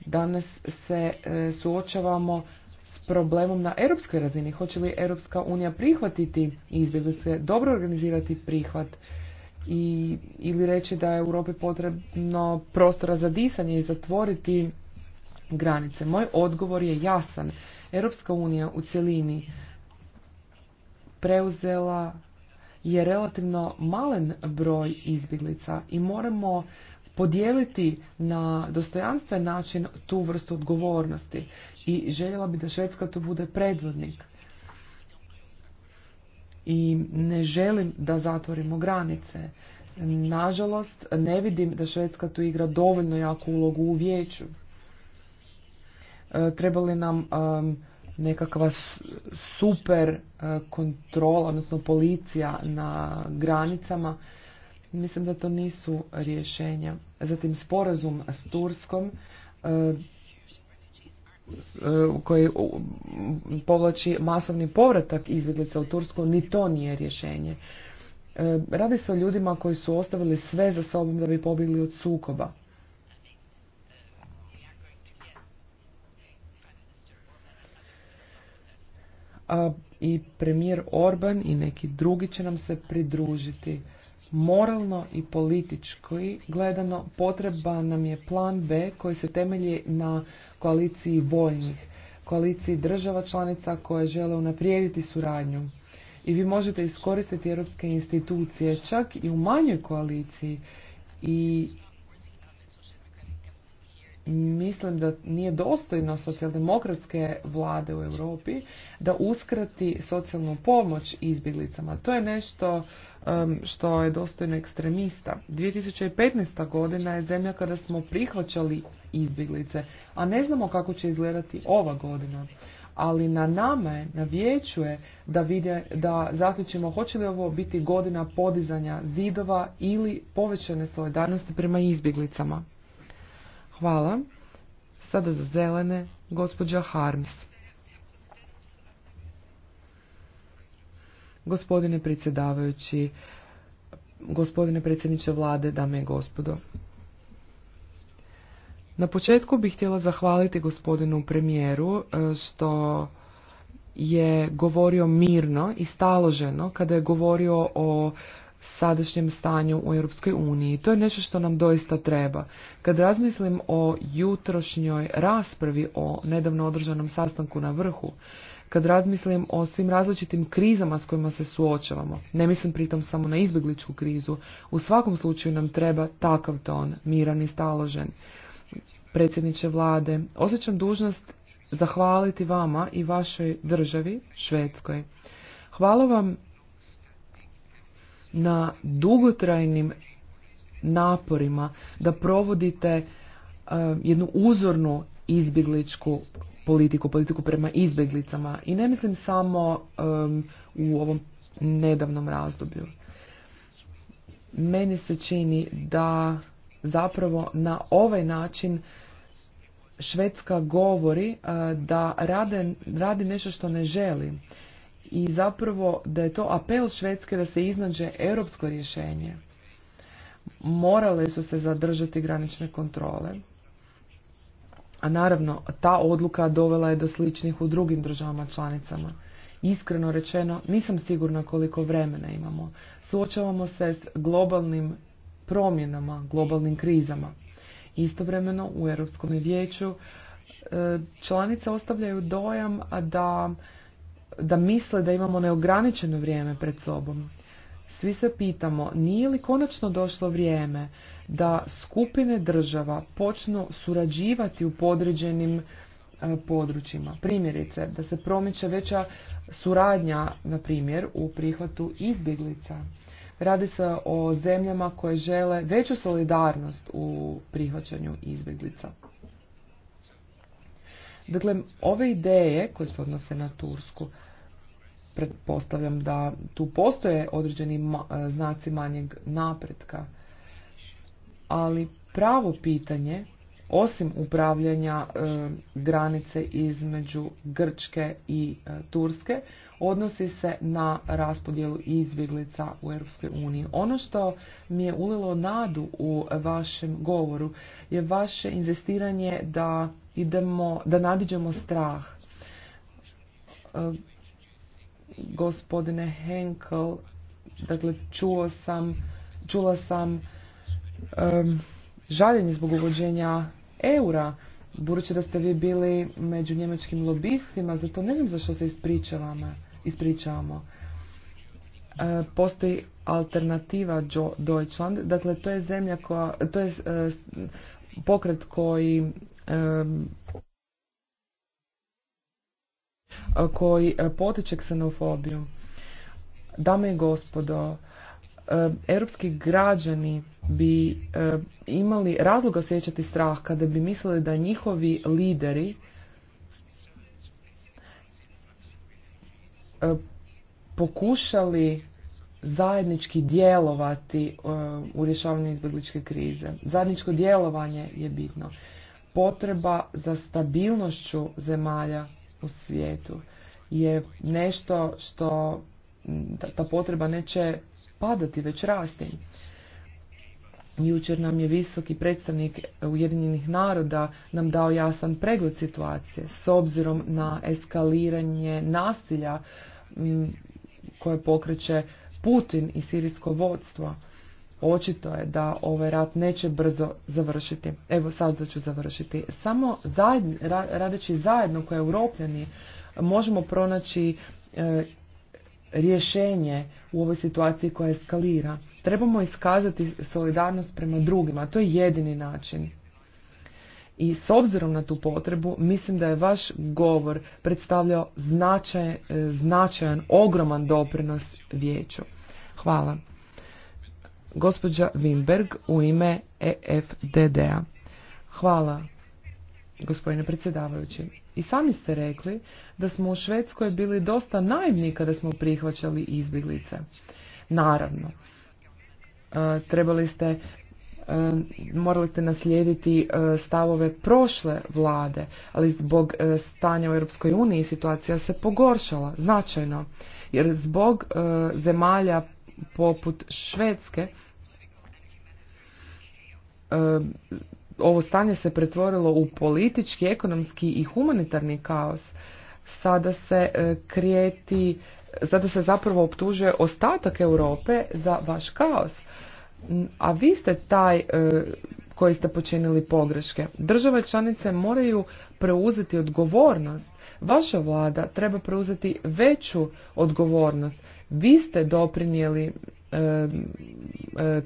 Danas se e, suočavamo s problemom na europskoj razini. Hoće li Europska unija prihvatiti izbjeglice, dobro organizirati prihvat i, ili reći da je Europi potrebno prostora za disanje i zatvoriti granice. Moj odgovor je jasan. Europska unija u cjelini preuzela je relativno malen broj izbjeglica i moramo podijeliti na dostojanstven način tu vrstu odgovornosti i željela bi da Švedska tu bude predvodnik. I ne želim da zatvorimo granice. Nažalost, ne vidim da Švedska tu igra dovoljno jaku ulogu u vijeću. E, treba li nam nekakva super e, kontrola, odnosno policija na granicama Mislim da to nisu rješenja. Zatim sporazum s Turskom e, e, koji povlači masovni povratak izbjeglica u Tursku, ni to nije rješenje. E, radi se o ljudima koji su ostavili sve za sobom da bi pobjegli od sukoba. I premijer Orban i neki drugi će nam se pridružiti. Moralno i politički gledano potreba nam je plan B koji se temelji na koaliciji vojnih. koaliciji država članica koje žele unaprijediti suradnju. I vi možete iskoristiti europske institucije čak i u manjoj koaliciji i mislim da nije dostojno socijaldemokratske vlade u Europi da uskrati socijalnu pomoć izbjeglicama. To je nešto što je dostojno ekstremista. 2015. godina je zemlja kada smo prihvaćali izbjeglice, a ne znamo kako će izgledati ova godina. Ali na nama je, na vijeću je da, vidje da zaključimo hoće li ovo biti godina podizanja zidova ili povećane solidarnosti prema izbjeglicama. Hvala. Sada za zelene, gospođa Harms. Gospodine predsjedavajući, gospodine predsjedniče vlade, dame i gospodo. Na početku bih htjela zahvaliti gospodinu premijeru e, što je govorio mirno i staloženo kada je govorio o sadašnjem stanju u Europskoj uniji. To je nešto što nam doista treba. Kad razmislim o jutrošnjoj raspravi o nedavno održanom sastanku na vrhu, kad razmislim o svim različitim krizama s kojima se suočavamo, ne mislim pritom samo na izbjegličku krizu, u svakom slučaju nam treba takav ton, miran i staložen. Predsjedniče vlade, osjećam dužnost zahvaliti vama i vašoj državi, Švedskoj. Hvala vam na dugotrajnim naporima da provodite e, jednu uzornu izbjegličku politiku, politiku prema izbjeglicama i ne mislim samo e, u ovom nedavnom razdoblju. Meni se čini da zapravo na ovaj način Švedska govori e, da radi nešto što ne želi i zapravo da je to apel Švedske da se iznađe europsko rješenje. Morale su se zadržati granične kontrole, a naravno ta odluka dovela je do sličnih u drugim državama članicama. Iskreno rečeno, nisam sigurna koliko vremena imamo. Suočavamo se s globalnim promjenama, globalnim krizama. Istovremeno u Europskom vijeću e, članice ostavljaju dojam da da misle da imamo neograničeno vrijeme pred sobom. Svi se pitamo, nije li konačno došlo vrijeme da skupine država počnu surađivati u podređenim e, područjima. Primjerice, da se promiče veća suradnja, na primjer, u prihvatu izbjeglica. Radi se o zemljama koje žele veću solidarnost u prihvaćanju izbjeglica. Dakle, ove ideje koje se odnose na Tursku, pretpostavljam da tu postoje određeni e, znaci manjeg napretka, ali pravo pitanje, osim upravljanja e, granice između Grčke i e, Turske, odnosi se na raspodjelu izbjeglica u Europskoj uniji. Ono što mi je ulilo nadu u vašem govoru je vaše inzistiranje da idemo, da nadiđemo strah. Ehm, gospodine Henkel, dakle čuo sam, čula sam ehm, žaljenje zbog uvođenja eura, budući da ste vi bili među njemačkim lobistima, zato ne znam zašto se ispričavamo ispričavamo. E, postoji alternativa Deutschland, dakle to je zemlja koja, to je e, pokret koji e, koji potiče ksenofobiju. Dame i gospodo, e, europski građani bi imali razloga osjećati strah kada bi mislili da njihovi lideri E, pokušali zajednički djelovati e, u rješavanju izbjegličke krize. Zajedničko djelovanje je bitno. Potreba za stabilnošću zemalja u svijetu je nešto što ta potreba neće padati, već rasti. Jučer nam je visoki predstavnik Ujedinjenih naroda nam dao jasan pregled situacije s obzirom na eskaliranje nasilja mm, koje pokreće Putin i sirijsko vodstvo. Očito je da ovaj rat neće brzo završiti. Evo sad da ću završiti. Samo zajedno radeći zajedno kao europljani možemo pronaći e, rješenje u ovoj situaciji koja eskalira. Trebamo iskazati solidarnost prema drugima, to je jedini način. I s obzirom na tu potrebu, mislim da je vaš govor predstavljao značaj, e, značajan, ogroman doprinos vijeću. Hvala. Gospođa Wimberg u ime EFDD-a. Hvala, gospodine predsjedavajući. I sami ste rekli da smo u Švedskoj bili dosta naivni kada smo prihvaćali izbjeglice. Naravno, e, trebali ste e, morali ste naslijediti e, stavove prošle vlade, ali zbog stanja u Europskoj uniji situacija se pogoršala značajno, jer zbog zemalja poput Švedske ovo stanje se pretvorilo u politički, ekonomski i humanitarni kaos. Sada se e, krijeti, sada se zapravo optužuje ostatak Europe za vaš kaos. A vi ste taj e, koji ste počinili pogreške. Države članice moraju preuzeti odgovornost. Vaša vlada treba preuzeti veću odgovornost. Vi ste doprinijeli E,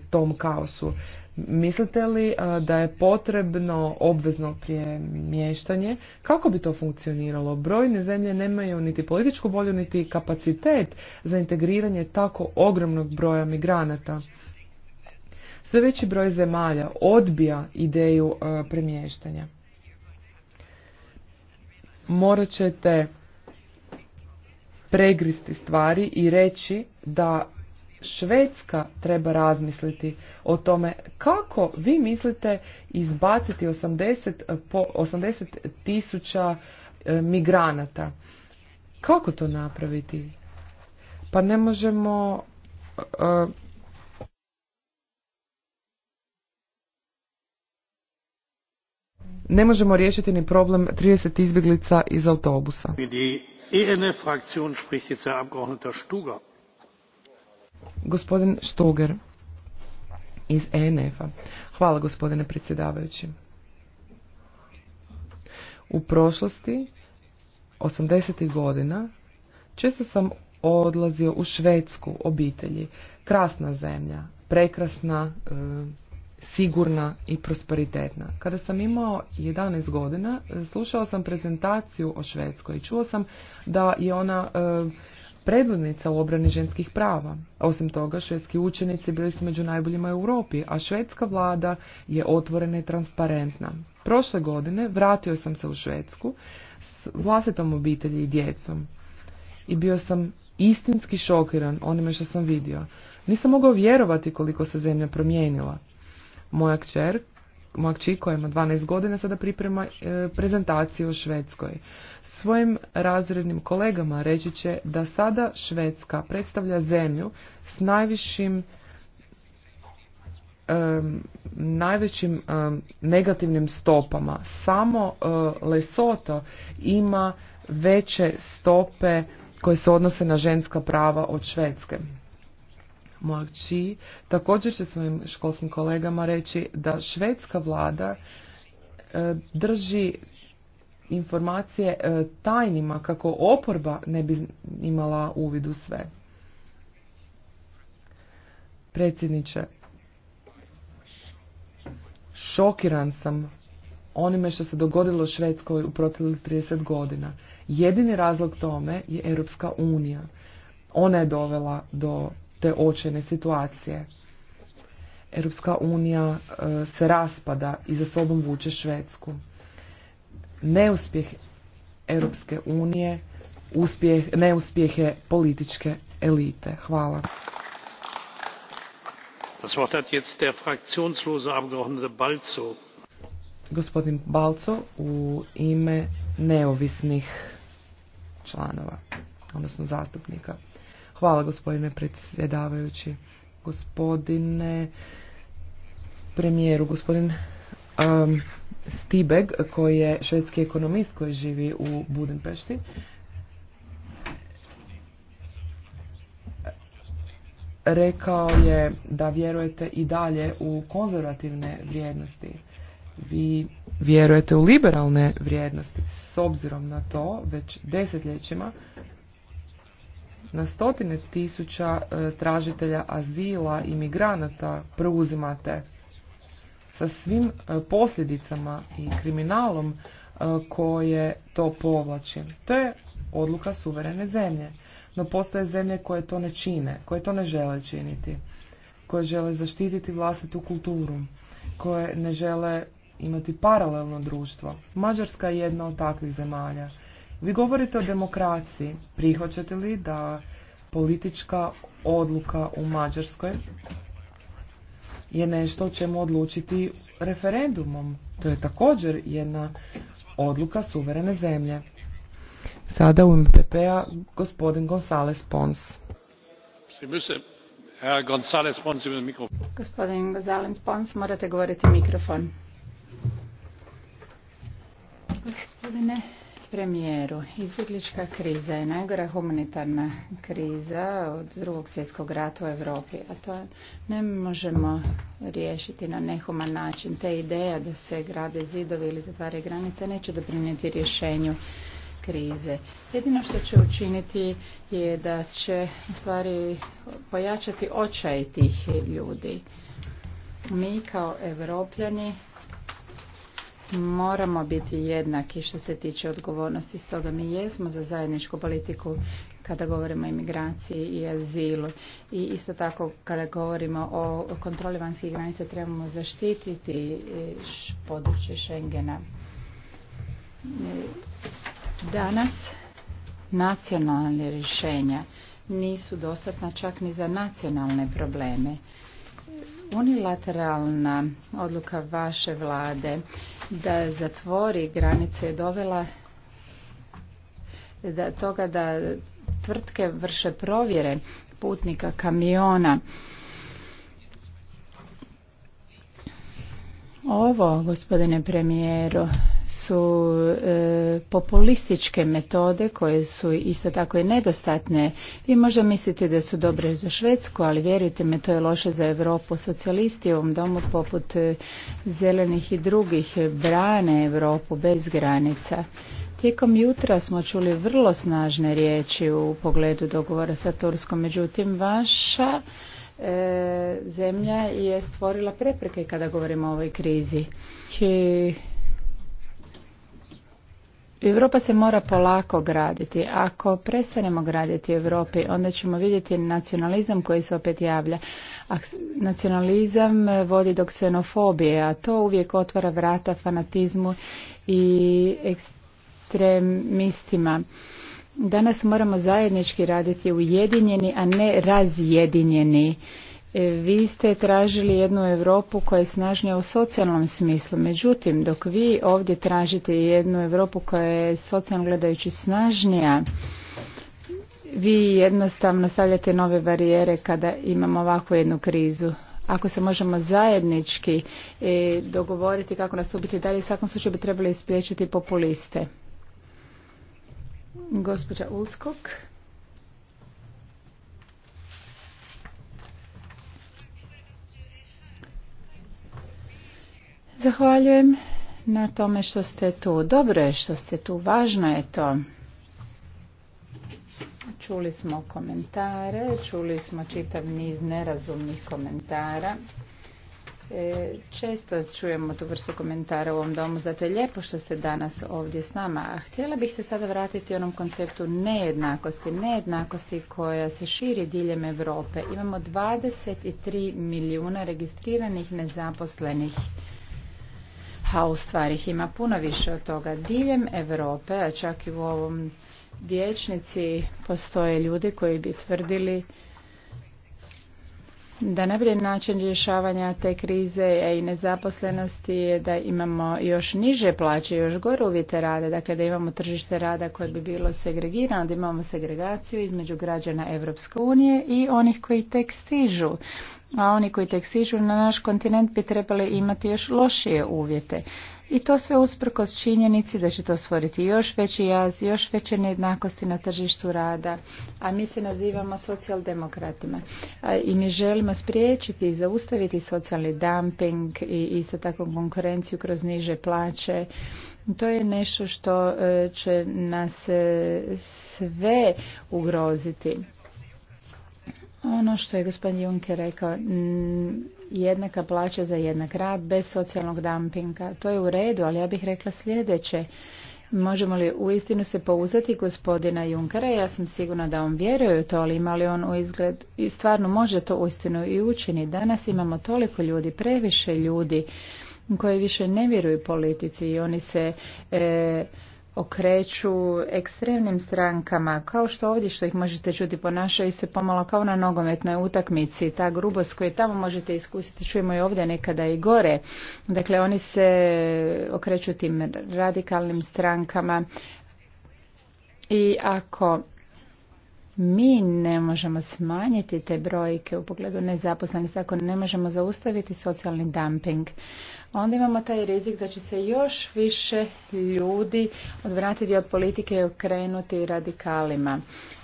tom kaosu. Mislite li e, da je potrebno obvezno premještanje? Kako bi to funkcioniralo? Brojne zemlje nemaju niti političku volju, niti kapacitet za integriranje tako ogromnog broja migranata. Sve veći broj zemalja odbija ideju e, premještanja. Morat ćete pregristi stvari i reći da Švedska treba razmisliti o tome kako vi mislite izbaciti 80, tisuća e, migranata. Kako to napraviti? Pa ne možemo... E, ne možemo riješiti ni problem 30 izbjeglica iz autobusa. Die en fraktion Gospodin Štuger iz ENF-a. Hvala gospodine predsjedavajući. U prošlosti 80. godina često sam odlazio u Švedsku obitelji. Krasna zemlja, prekrasna, e, sigurna i prosperitetna. Kada sam imao 11 godina, e, slušao sam prezentaciju o Švedskoj i čuo sam da je ona e, predvodnica u obrani ženskih prava. Osim toga, švedski učenici bili su među najboljima u Europi, a švedska vlada je otvorena i transparentna. Prošle godine vratio sam se u Švedsku s vlastitom obitelji i djecom. I bio sam istinski šokiran onime što sam vidio. Nisam mogao vjerovati koliko se zemlja promijenila. Moja kćer, moja kći koja ima 12 godina sada priprema e, prezentaciju o Švedskoj. Svojim razrednim kolegama reći će da sada Švedska predstavlja zemlju s najvišim e, najvećim e, negativnim stopama. Samo Lesoto ima veće stope koje se odnose na ženska prava od Švedske mojeg također će svojim školskim kolegama reći da švedska vlada e, drži informacije e, tajnima kako oporba ne bi imala uvid u sve. Predsjedniče, šokiran sam onime što se dogodilo Švedskoj u proteklih 30 godina. Jedini razlog tome je Europska unija. Ona je dovela do te očajne situacije. Europska unija e, se raspada i za sobom vuče Švedsku. Neuspjeh Europske unije uspjeh, neuspjehe političke elite. Hvala. Gospodin Balco u ime neovisnih članova, odnosno zastupnika. Hvala gospodine predsjedavajući. Gospodine premijeru, gospodin um, Stibeg, koji je švedski ekonomist koji živi u Budimpešti, rekao je da vjerujete i dalje u konzervativne vrijednosti. Vi vjerujete u liberalne vrijednosti. S obzirom na to, već desetljećima na stotine tisuća e, tražitelja azila i migranata preuzimate sa svim e, posljedicama i kriminalom e, koje to povlači. To je odluka suverene zemlje. No postoje zemlje koje to ne čine, koje to ne žele činiti, koje žele zaštititi vlastitu kulturu, koje ne žele imati paralelno društvo. Mađarska je jedna od takvih zemalja. Vi govorite o demokraciji. Prihvaćate li da politička odluka u Mađarskoj je nešto o čemu odlučiti referendumom? To je također jedna odluka suverene zemlje. Sada u MPP-a gospodin Gonzales Pons. Gospodin Gonzales Pons, morate govoriti mikrofon. Gospodine premijeru. Izbjeglička kriza je najgora humanitarna kriza od drugog svjetskog rata u Europi, a to ne možemo riješiti na nehuman način. Te ideja da se grade zidovi ili zatvaraju granice neće doprinijeti rješenju krize. Jedino što će učiniti je da će u stvari pojačati očaj tih ljudi. Mi kao evropljani moramo biti jednaki što se tiče odgovornosti. Stoga mi jesmo za zajedničku politiku kada govorimo o imigraciji i azilu. I isto tako kada govorimo o kontroli vanjskih granica trebamo zaštititi e, područje Schengena. Danas nacionalne rješenja nisu dostatna čak ni za nacionalne probleme. Unilateralna odluka vaše vlade da zatvori granice je dovela da toga da tvrtke vrše provjere putnika kamiona. Ovo, gospodine premijeru, su e, populističke metode koje su isto tako i nedostatne. Vi možda mislite da su dobre za Švedsku, ali vjerujte me, to je loše za Europu. Socijalisti u ovom domu poput e, zelenih i drugih brane Europu bez granica. Tijekom jutra smo čuli vrlo snažne riječi u pogledu dogovora sa Turskom, međutim vaša e, zemlja je stvorila prepreke kada govorimo o ovoj krizi. I Europa se mora polako graditi. Ako prestanemo graditi Europi, onda ćemo vidjeti nacionalizam koji se opet javlja. A nacionalizam vodi do ksenofobije, a to uvijek otvara vrata fanatizmu i ekstremistima. Danas moramo zajednički raditi ujedinjeni, a ne razjedinjeni vi ste tražili jednu Europu koja je snažnija u socijalnom smislu. Međutim, dok vi ovdje tražite jednu Europu koja je socijalno gledajući snažnija, vi jednostavno stavljate nove barijere kada imamo ovakvu jednu krizu. Ako se možemo zajednički e, dogovoriti kako nastupiti dalje, u svakom slučaju bi trebali ispriječiti populiste. Gospođa Ulskog. Zahvaljujem na tome što ste tu. Dobro je što ste tu, važno je to. Čuli smo komentare, čuli smo čitav niz nerazumnih komentara. E, često čujemo tu vrstu komentara u ovom domu, zato je lijepo što ste danas ovdje s nama. A htjela bih se sada vratiti onom konceptu nejednakosti, nejednakosti koja se širi diljem Europe. Imamo 23 milijuna registriranih nezaposlenih a u stvari ih ima puno više od toga. Diljem Europe, a čak i u ovom vječnici, postoje ljudi koji bi tvrdili da najbolji način rješavanja te krize i nezaposlenosti je da imamo još niže plaće, još gore uvjete rada, dakle da imamo tržište rada koje bi bilo segregirano, da imamo segregaciju između građana Europske unije i onih koji tek stižu. A oni koji tek stižu na naš kontinent bi trebali imati još lošije uvjete i to sve usprkos činjenici da će to stvoriti još veći jaz, još veće nejednakosti na tržištu rada, a mi se nazivamo socijaldemokratima i mi želimo spriječiti i zaustaviti socijalni dumping i isto tako konkurenciju kroz niže plaće. To je nešto što e, će nas e, sve ugroziti. Ono što je gospodin Juncker rekao, mm, jednaka plaća za jednak rad bez socijalnog dumpinga. To je u redu, ali ja bih rekla sljedeće. Možemo li uistinu se pouzati gospodina Junkera? Ja sam sigurna da on vjeruje u to, ali ima li on u izgled i stvarno može to uistinu i učiniti. Danas imamo toliko ljudi, previše ljudi koji više ne vjeruju politici i oni se... E, okreću ekstremnim strankama, kao što ovdje što ih možete čuti ponašaju se pomalo kao na nogometnoj utakmici. Ta grubost koju tamo možete iskusiti čujemo i ovdje nekada i gore. Dakle, oni se okreću tim radikalnim strankama i ako mi ne možemo smanjiti te brojke u pogledu nezaposlenih, ako ne možemo zaustaviti socijalni dumping, onda imamo taj rizik da će se još više ljudi odvratiti od politike i okrenuti radikalima.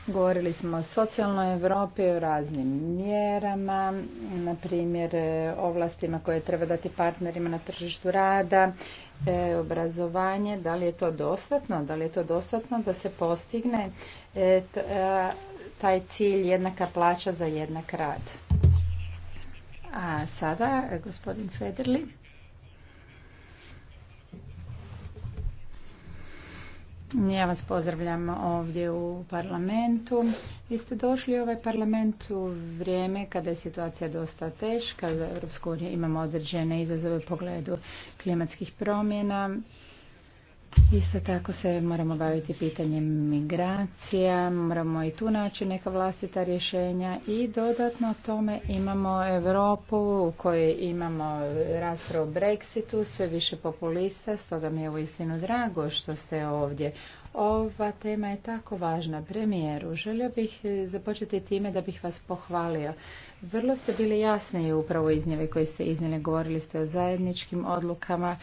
Govorili smo o socijalnoj Europi, o raznim mjerama, na primjer e, ovlastima koje treba dati partnerima na tržištu rada, e, obrazovanje, da li je to dostatno, da li je to dostatno da se postigne e, taj cilj jednaka plaća za jednak rad. A sada gospodin Federli. Ja vas pozdravljam ovdje u parlamentu. Vi ste došli u ovaj parlament u vrijeme kada je situacija dosta teška. U Europsku uniju imamo određene izazove u pogledu klimatskih promjena, Isto tako se moramo baviti pitanjem migracija, moramo i tu naći neka vlastita rješenja i dodatno tome imamo Europu u kojoj imamo raspravu o Brexitu, sve više populista, stoga mi je uistinu drago što ste ovdje. Ova tema je tako važna. Premijeru, želio bih e, započeti time da bih vas pohvalio. Vrlo ste bili jasni upravo iznjeve koje ste iznijeli. Govorili ste o zajedničkim odlukama,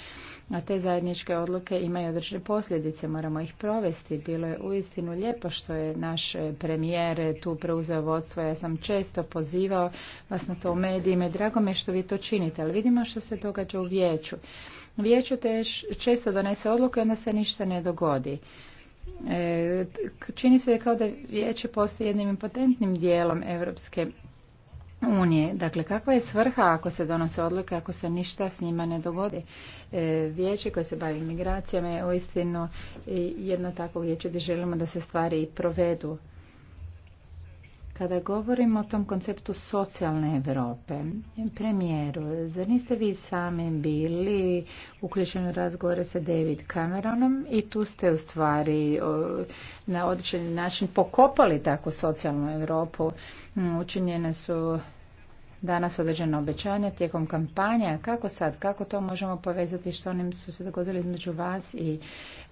a te zajedničke odluke imaju određene posljedice. Moramo ih provesti. Bilo je uistinu lijepo što je naš e, premijer tu preuzeo vodstvo. Ja sam često pozivao vas na to u medijima. Drago me što vi to činite, ali vidimo što se događa u vijeću. Vijeću te često donese odluke, onda se ništa ne dogodi. E, čini se kao da vijeće postoji jednim impotentnim dijelom Europske unije. Dakle, kakva je svrha ako se donose odluke, ako se ništa s njima ne dogodi? E, vijeće koje se bavi migracijama je uistinu jedno takvo vijeće gdje želimo da se stvari i provedu. Kada govorimo o tom konceptu socijalne Europe, premijeru, zar niste vi sami bili uključeni u razgovore sa David Cameronom i tu ste u stvari na određeni način pokopali takvu socijalnu Europu. Mm, učinjene su danas određene obećanja tijekom kampanja. Kako sad? Kako to možemo povezati što onim su se dogodili između vas i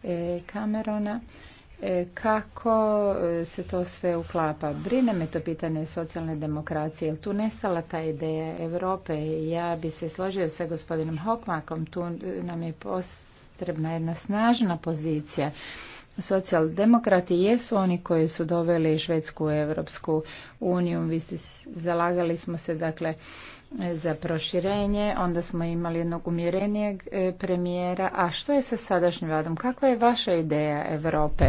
e, Camerona? E, kako e, se to sve uklapa. Brine me to pitanje socijalne demokracije, jer tu nestala ta ideja Europe. Ja bi se složio sa gospodinom Hokmakom, tu nam je potrebna jedna snažna pozicija. Socijaldemokrati jesu oni koji su doveli Švedsku u Europsku uniju. Vi zalagali smo se dakle za proširenje, onda smo imali jednog umjerenijeg e, premijera. A što je sa sadašnjim vladom? Kakva je vaša ideja Europe?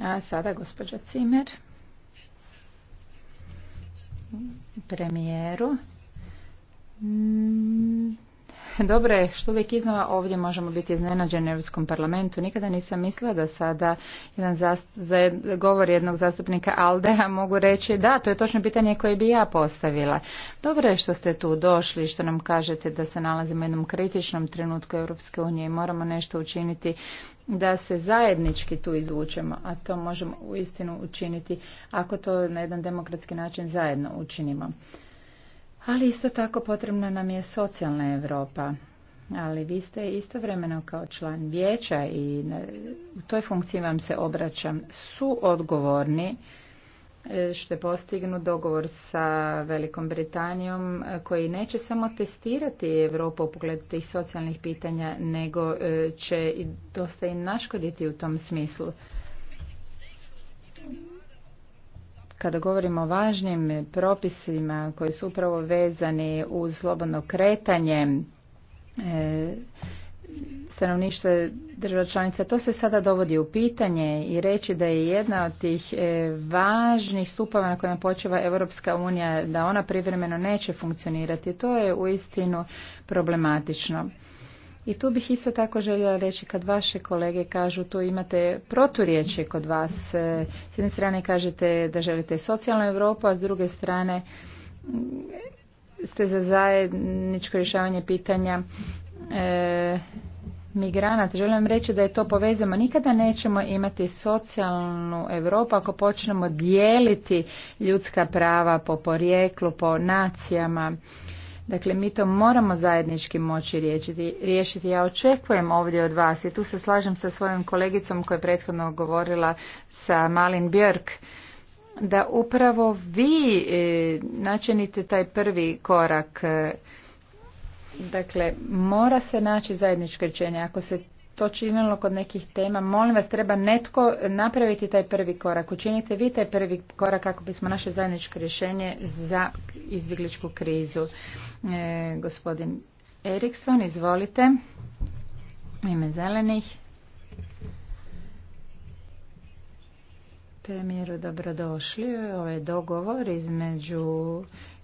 A sada gospođa Cimer. Premijeru. Mm, dobro je što uvijek iznova ovdje možemo biti iznenađeni u Europskom parlamentu. Nikada nisam mislila da sada jedan zast, za govor jednog zastupnika Aldeja mogu reći da, to je točno pitanje koje bi ja postavila. Dobro je što ste tu došli, što nam kažete da se nalazimo u jednom kritičnom trenutku Europske unije i moramo nešto učiniti da se zajednički tu izvučemo, a to možemo uistinu učiniti ako to na jedan demokratski način zajedno učinimo. Ali isto tako potrebna nam je socijalna Europa. Ali vi ste istovremeno kao član vijeća i u toj funkciji vam se obraćam su odgovorni e, što je postignut dogovor sa Velikom Britanijom e, koji neće samo testirati Europu u pogledu tih socijalnih pitanja nego e, će i dosta i naškoditi u tom smislu kada govorimo o važnim propisima koji su upravo vezani uz slobodno kretanje e, stanovništva država članica, to se sada dovodi u pitanje i reći da je jedna od tih e, važnih stupova na kojima počeva Europska unija, da ona privremeno neće funkcionirati, to je uistinu problematično. I tu bih isto tako željela reći kad vaše kolege kažu tu imate proturječje kod vas. E, s jedne strane kažete da želite socijalnu Europu, a s druge strane mm, ste za zajedničko rješavanje pitanja e, migranata. Želim vam reći da je to povezano. Nikada nećemo imati socijalnu Europu ako počnemo dijeliti ljudska prava po porijeklu, po nacijama. Dakle, mi to moramo zajednički moći riješiti. riješiti. Ja očekujem ovdje od vas i tu se slažem sa svojom kolegicom koja je prethodno govorila sa Malin Björk da upravo vi e, načinite taj prvi korak e, Dakle, mora se naći zajedničko rješenje. Ako se to činilo kod nekih tema. Molim vas, treba netko napraviti taj prvi korak. Učinite vi taj prvi korak kako bismo naše zajedničko rješenje za izbjegličku krizu. E, gospodin Erikson, izvolite. Ime zelenih. Premijeru, dobrodošli. Ovo je dogovor između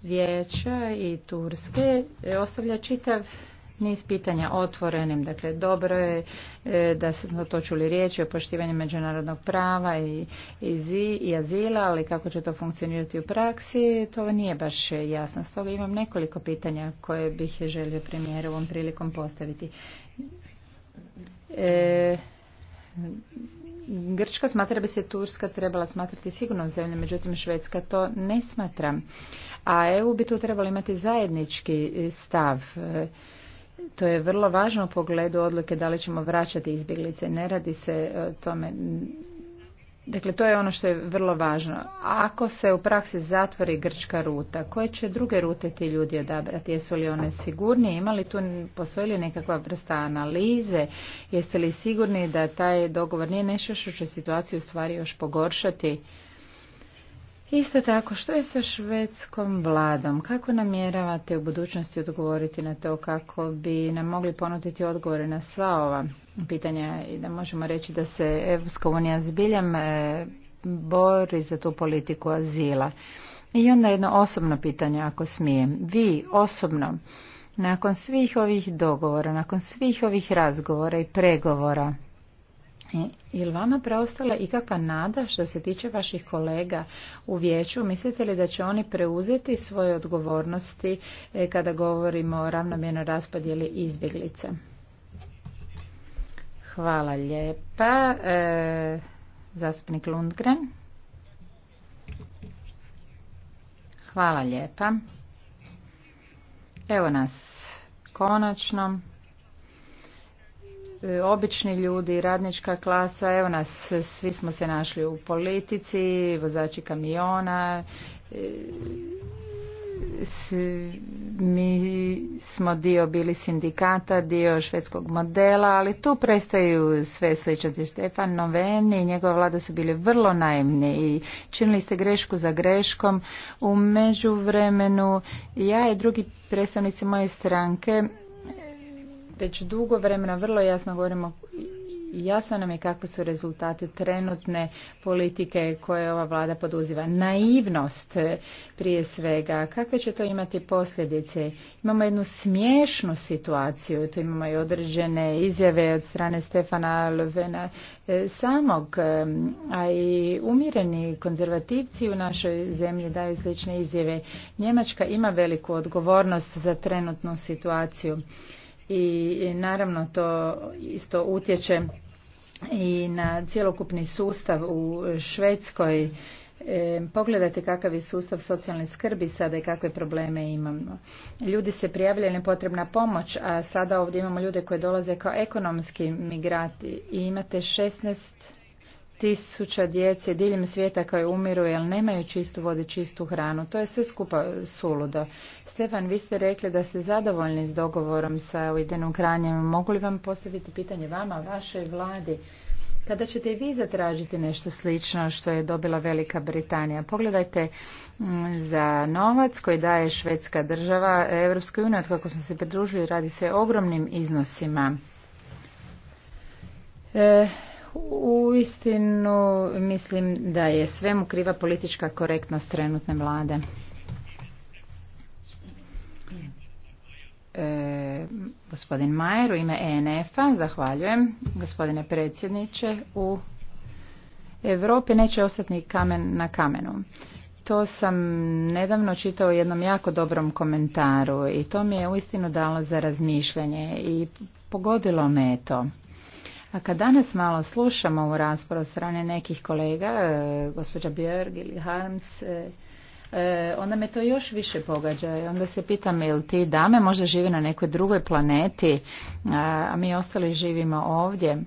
Vijeća i Turske. ostavlja čitav niz pitanja otvorenim. Dakle, dobro je e, da smo to čuli riječi o poštivanju međunarodnog prava i, i, i azila, ali kako će to funkcionirati u praksi, to nije baš jasno. Stoga imam nekoliko pitanja koje bih želio premijer ovom prilikom postaviti. E, Grčka smatra bi se Turska trebala smatrati sigurnom zemljom, međutim Švedska to ne smatra. A EU bi tu trebala imati zajednički stav. To je vrlo važno u pogledu odluke da li ćemo vraćati izbjeglice. Ne radi se e, o tome Dakle, to je ono što je vrlo važno. ako se u praksi zatvori grčka ruta, koje će druge rute ti ljudi odabrati? Jesu li one sigurnije? Ima li tu, postoji li nekakva vrsta analize? Jeste li sigurni da taj dogovor nije nešto što će situaciju u stvari još pogoršati? Isto tako, što je sa švedskom vladom? Kako namjeravate u budućnosti odgovoriti na to kako bi nam mogli ponuditi odgovore na sva ova pitanja i da možemo reći da se Evropska unija zbiljam e, bori za tu politiku azila? I onda jedno osobno pitanje, ako smijem. Vi osobno, nakon svih ovih dogovora, nakon svih ovih razgovora i pregovora, E, je li vama preostala ikakva nada što se tiče vaših kolega u vijeću? Mislite li da će oni preuzeti svoje odgovornosti e, kada govorimo o ravnomjernoj raspodjeli izbjeglice? Hvala lijepa. E, zastupnik Lundgren. Hvala lijepa. Evo nas konačno obični ljudi, radnička klasa, evo nas, svi smo se našli u politici, vozači kamiona, e, mi smo dio bili sindikata, dio švedskog modela, ali tu prestaju sve sličati. Stefan Noveni i njegova vlada su bili vrlo najemni i činili ste grešku za greškom. U međuvremenu ja i drugi predstavnici moje stranke već dugo vremena vrlo jasno govorimo jasno nam je kakvi su rezultati trenutne politike koje ova vlada poduziva. Naivnost e, prije svega, kakve će to imati posljedice? Imamo jednu smiješnu situaciju, tu imamo i određene izjave od strane Stefana Lovena e, samog, e, a i umireni konzervativci u našoj zemlji daju slične izjave. Njemačka ima veliku odgovornost za trenutnu situaciju i naravno to isto utječe i na cjelokupni sustav u Švedskoj. E, pogledajte kakav je sustav socijalne skrbi sada i kakve probleme imamo. Ljudi se prijavljaju nepotrebna pomoć, a sada ovdje imamo ljude koji dolaze kao ekonomski migrati i imate 16 tisuća djece diljem svijeta koje umiru jer nemaju čistu vodu, čistu hranu. To je sve skupa suludo. Stefan, vi ste rekli da ste zadovoljni s dogovorom sa Ujedinom Kranjem. Mogu li vam postaviti pitanje vama, vašoj vladi? Kada ćete i vi zatražiti nešto slično što je dobila Velika Britanija? Pogledajte mm, za novac koji daje švedska država Europskoj uniji, od kako smo se pridružili, radi se o ogromnim iznosima. E, u istinu mislim da je svemu kriva politička korektnost trenutne vlade. E, gospodin Majer u ime ENF-a, zahvaljujem gospodine predsjedniče, u Europi neće ostati kamen na kamenu. To sam nedavno čitao u jednom jako dobrom komentaru i to mi je uistinu dalo za razmišljanje i pogodilo me to. A kad danas malo slušamo u raspravu strane nekih kolega, e, gospođa Björg ili Harms, e, e, onda me to još više pogađa i onda se pitam jel ti dame možda živi na nekoj drugoj planeti, a mi ostali živimo ovdje.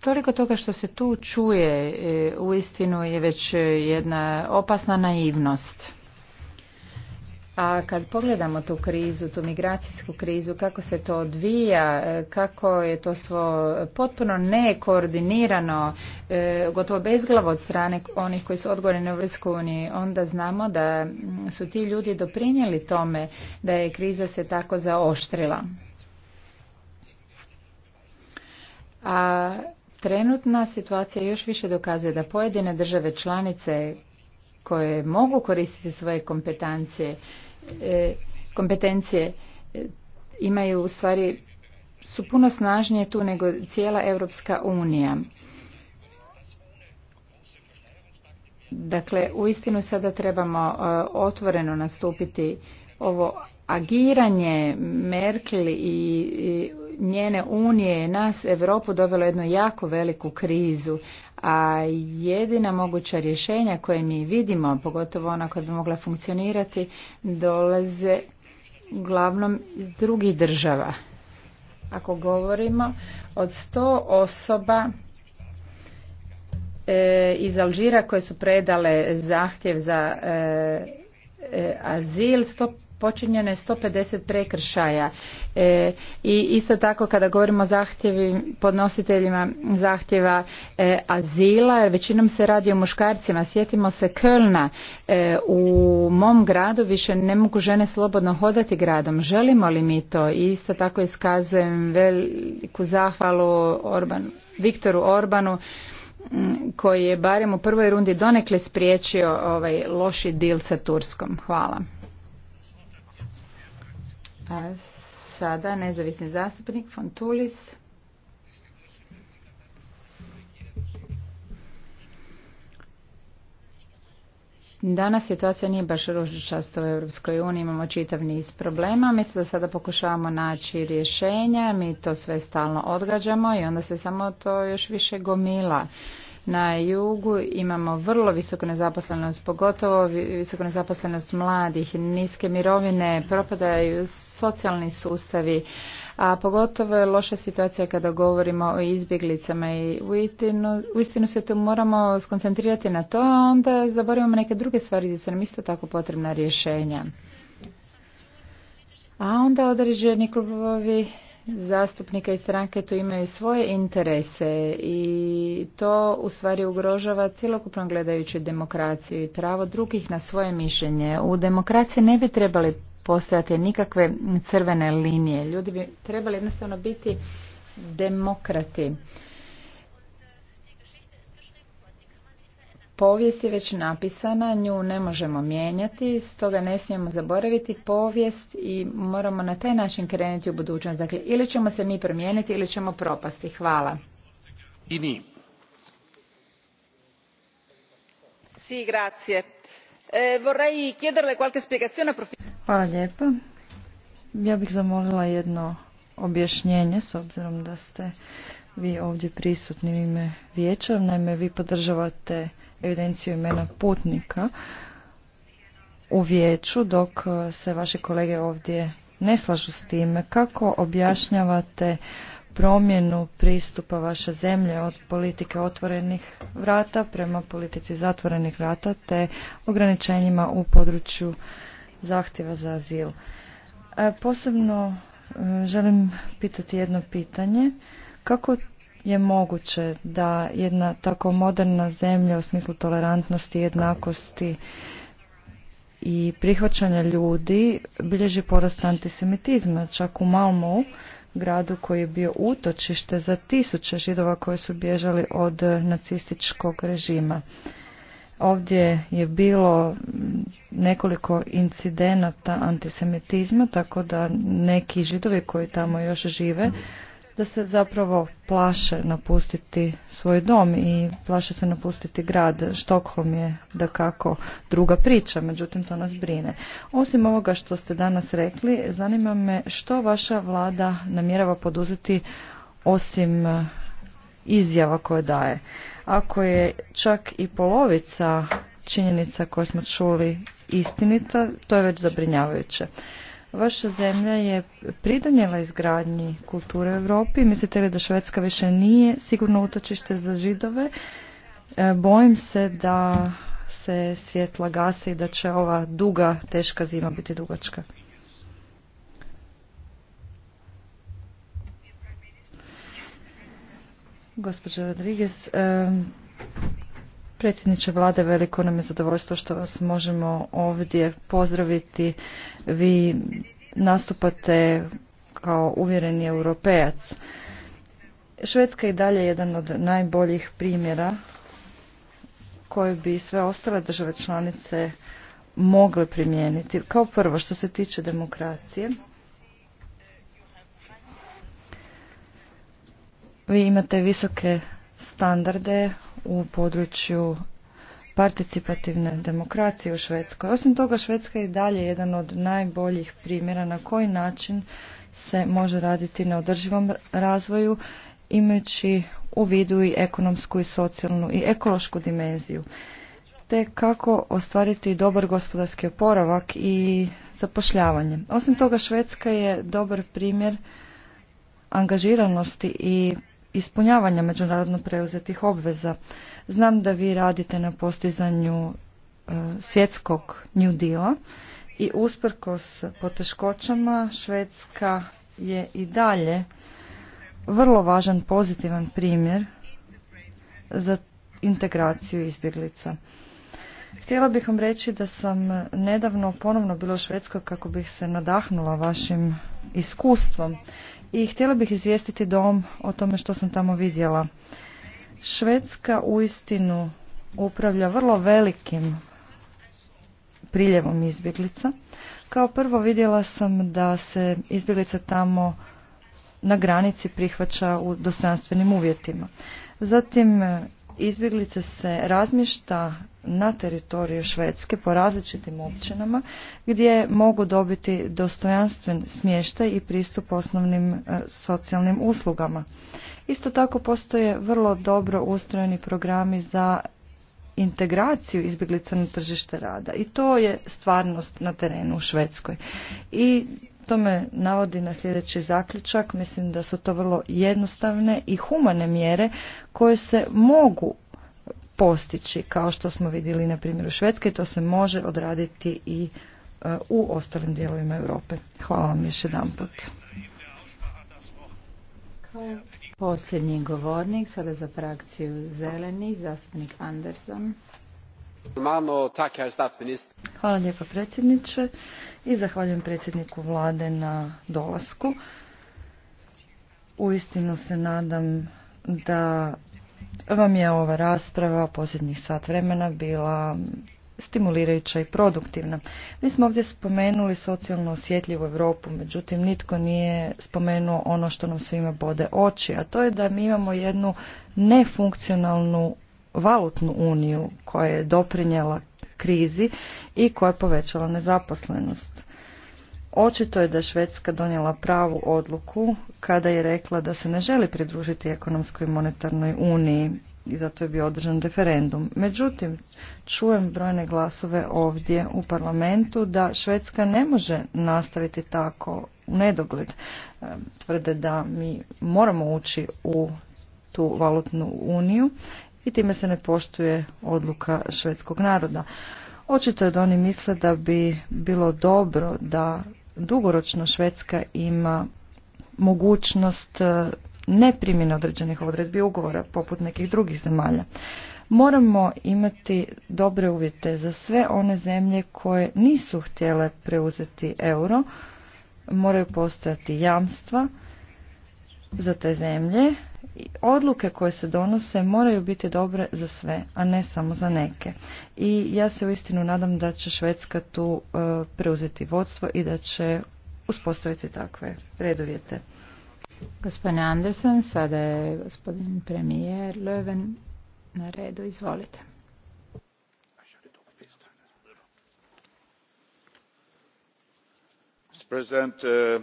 Toliko toga što se tu čuje, uistinu je već jedna opasna naivnost. A kad pogledamo tu krizu, tu migracijsku krizu, kako se to odvija, e, kako je to svo potpuno nekoordinirano, e, gotovo bezglavo od strane onih koji su odgovorni u Vrsku Uniji, onda znamo da mm, su ti ljudi doprinijeli tome da je kriza se tako zaoštrila. A trenutna situacija još više dokazuje da pojedine države članice koje mogu koristiti svoje e, kompetencije, kompetencije imaju u stvari su puno snažnije tu nego cijela Europska unija. Dakle, uistinu sada trebamo e, otvoreno nastupiti ovo agiranje Merkel i njene unije nas Europu dovelo jednu jako veliku krizu, a jedina moguća rješenja koje mi vidimo, pogotovo ona koja bi mogla funkcionirati, dolaze uglavnom iz drugih država. Ako govorimo od 100 osoba e, iz Alžira koje su predale zahtjev za e, e, azil, sto počinjeno je 150 prekršaja e, i isto tako kada govorimo o zahtjevi podnositeljima zahtjeva e, azila većinom se radi o muškarcima sjetimo se Kölna e, u mom gradu više ne mogu žene slobodno hodati gradom želimo li mi to i isto tako iskazujem veliku zahvalu Orbanu, Viktoru Orbanu koji je barem u prvoj rundi donekle spriječio ovaj loši dil sa Turskom. Hvala. A sada nezavisni zastupnik Fontulis. Danas situacija nije baš ružičasta u Europskoj uniji, imamo čitav niz problema. Mislim da sada pokušavamo naći rješenja, mi to sve stalno odgađamo i onda se samo to još više gomila. Na jugu imamo vrlo visoku nezaposlenost, pogotovo visoku nezaposlenost mladih, niske mirovine, propadaju socijalni sustavi, a pogotovo je loša situacija kada govorimo o izbjeglicama i u uistinu se tu moramo skoncentrirati na to, a onda zaboravimo neke druge stvari gdje su nam isto tako potrebna rješenja. A onda određeni klubovi zastupnika i stranke tu imaju svoje interese i to u stvari ugrožava cjelokupno gledajući demokraciju i pravo drugih na svoje mišljenje. U demokraciji ne bi trebali postojati nikakve crvene linije. Ljudi bi trebali jednostavno biti demokrati. povijest je već napisana, nju ne možemo mijenjati, stoga ne smijemo zaboraviti povijest i moramo na taj način krenuti u budućnost. Dakle, ili ćemo se mi promijeniti ili ćemo propasti. Hvala. I mi. Sì, grazie. Eh, vorrei chiederle qualche spiegazione. Hvala lijepa. Ja bih zamolila jedno objašnjenje s obzirom da ste vi ovdje prisutni u ime vijeća. Naime, vi podržavate evidenciju imena putnika u vijeću dok e, se vaše kolege ovdje ne slažu s time. Kako objašnjavate promjenu pristupa vaše zemlje od politike otvorenih vrata prema politici zatvorenih vrata te ograničenjima u području zahtjeva za azil. E, posebno e, želim pitati jedno pitanje. Kako je moguće da jedna tako moderna zemlja u smislu tolerantnosti, jednakosti i prihvaćanja ljudi bilježi porast antisemitizma. Čak u Malmu, gradu koji je bio utočište za tisuće židova koji su bježali od nacističkog režima. Ovdje je bilo nekoliko incidenata antisemitizma, tako da neki židovi koji tamo još žive da se zapravo plaše napustiti svoj dom i plaše se napustiti grad. Štokholm je da kako druga priča, međutim to nas brine. Osim ovoga što ste danas rekli, zanima me što vaša vlada namjerava poduzeti osim e, izjava koje daje. Ako je čak i polovica činjenica koje smo čuli istinita, to je već zabrinjavajuće. Vaša zemlja je pridonjela izgradnji kulture u Europi. Mislite li da Švedska više nije sigurno utočište za židove? E, bojim se da se svjetla gase i da će ova duga, teška zima biti dugačka. Rodriguez, e, Predsjedniče vlade, veliko nam je zadovoljstvo što vas možemo ovdje pozdraviti. Vi nastupate kao uvjereni europejac. Švedska je i dalje jedan od najboljih primjera koje bi sve ostale države članice mogle primijeniti. Kao prvo, što se tiče demokracije, vi imate visoke standarde u području participativne demokracije u Švedskoj. Osim toga, Švedska je i dalje jedan od najboljih primjera na koji način se može raditi na održivom razvoju, imajući u vidu i ekonomsku i socijalnu i ekološku dimenziju, te kako ostvariti dobar gospodarski oporavak i zapošljavanje. Osim toga, Švedska je dobar primjer angažiranosti i ispunjavanja međunarodno preuzetih obveza. Znam da vi radite na postizanju e, svjetskog New Deala i usprkos poteškoćama Švedska je i dalje vrlo važan pozitivan primjer za integraciju izbjeglica. Htjela bih vam reći da sam nedavno ponovno bila u Švedskoj kako bih se nadahnula vašim iskustvom i htjela bih izvijestiti dom o tome što sam tamo vidjela. Švedska uistinu upravlja vrlo velikim priljevom izbjeglica. Kao prvo vidjela sam da se izbjeglica tamo na granici prihvaća u dostojanstvenim uvjetima. Zatim izbjeglice se razmješta na teritoriju Švedske po različitim općinama gdje mogu dobiti dostojanstven smještaj i pristup osnovnim e, socijalnim uslugama. Isto tako postoje vrlo dobro ustrojeni programi za integraciju izbjeglica na tržište rada i to je stvarnost na terenu u Švedskoj. I to me navodi na sljedeći zaključak. Mislim da su to vrlo jednostavne i humane mjere koje se mogu postići, kao što smo vidjeli na primjeru Švedske, to se može odraditi i e, u ostalim dijelovima Europe. Hvala vam još jedan put. Posljednji govornik, sada za frakciju Zeleni, zastupnik Anderson. Hvala lijepa predsjedniče i zahvaljujem predsjedniku vlade na dolasku. Uistinu se nadam da vam je ova rasprava posljednjih sat vremena bila stimulirajuća i produktivna. Mi smo ovdje spomenuli socijalno osjetljivu Europu, međutim nitko nije spomenuo ono što nam svima bode oči, a to je da mi imamo jednu nefunkcionalnu valutnu uniju koja je doprinjela krizi i koja je povećala nezaposlenost. Očito je da je Švedska donijela pravu odluku kada je rekla da se ne želi pridružiti ekonomskoj monetarnoj uniji i zato je bio održan referendum. Međutim, čujem brojne glasove ovdje u parlamentu da Švedska ne može nastaviti tako u nedogled. E, tvrde da mi moramo ući u tu valutnu uniju i time se ne poštuje odluka švedskog naroda. Očito je da oni misle da bi bilo dobro da dugoročno Švedska ima mogućnost e, neprimjene određenih odredbi ugovora poput nekih drugih zemalja. Moramo imati dobre uvjete za sve one zemlje koje nisu htjele preuzeti euro, moraju postojati jamstva za te zemlje odluke koje se donose moraju biti dobre za sve, a ne samo za neke. I ja se uistinu nadam da će Švedska tu e, preuzeti vodstvo i da će uspostaviti takve redovjete. Gospodine Andersen, sada je gospodin premijer Löwen na redu. Izvolite. President, uh,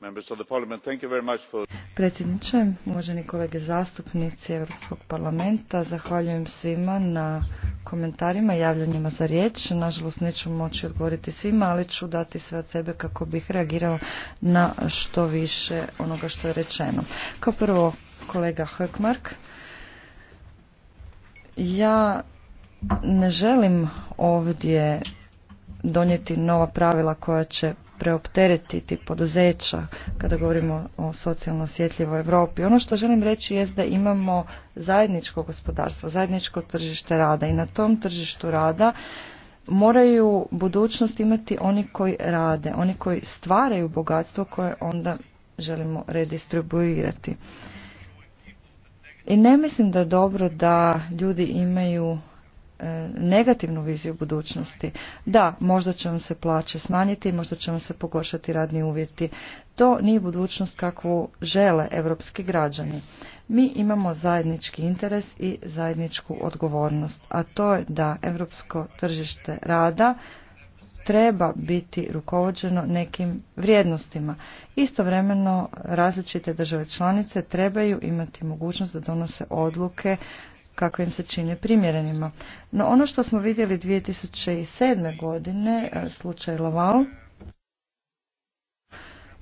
members of the Parliament, thank you very much for predsjedniče, uvaženi kolege zastupnici Europskog parlamenta, zahvaljujem svima na komentarima, javljanjima za riječ. Nažalost neću moći odgovoriti svima, ali ću dati sve od sebe kako bih reagirao na što više onoga što je rečeno. Kao prvo, kolega Hökmark, ja ne želim ovdje donijeti nova pravila koja će preopteretiti poduzeća kada govorimo o socijalno osjetljivoj Europi. Ono što želim reći je da imamo zajedničko gospodarstvo, zajedničko tržište rada i na tom tržištu rada moraju budućnost imati oni koji rade, oni koji stvaraju bogatstvo koje onda želimo redistribuirati. I ne mislim da je dobro da ljudi imaju E, negativnu viziju budućnosti. Da, možda će vam se plaće smanjiti, možda će vam se pogoršati radni uvjeti. To nije budućnost kakvu žele evropski građani. Mi imamo zajednički interes i zajedničku odgovornost, a to je da evropsko tržište rada treba biti rukovođeno nekim vrijednostima. Istovremeno različite države članice trebaju imati mogućnost da donose odluke kako im se čine primjerenima. No ono što smo vidjeli 2007. godine, e, slučaj Laval,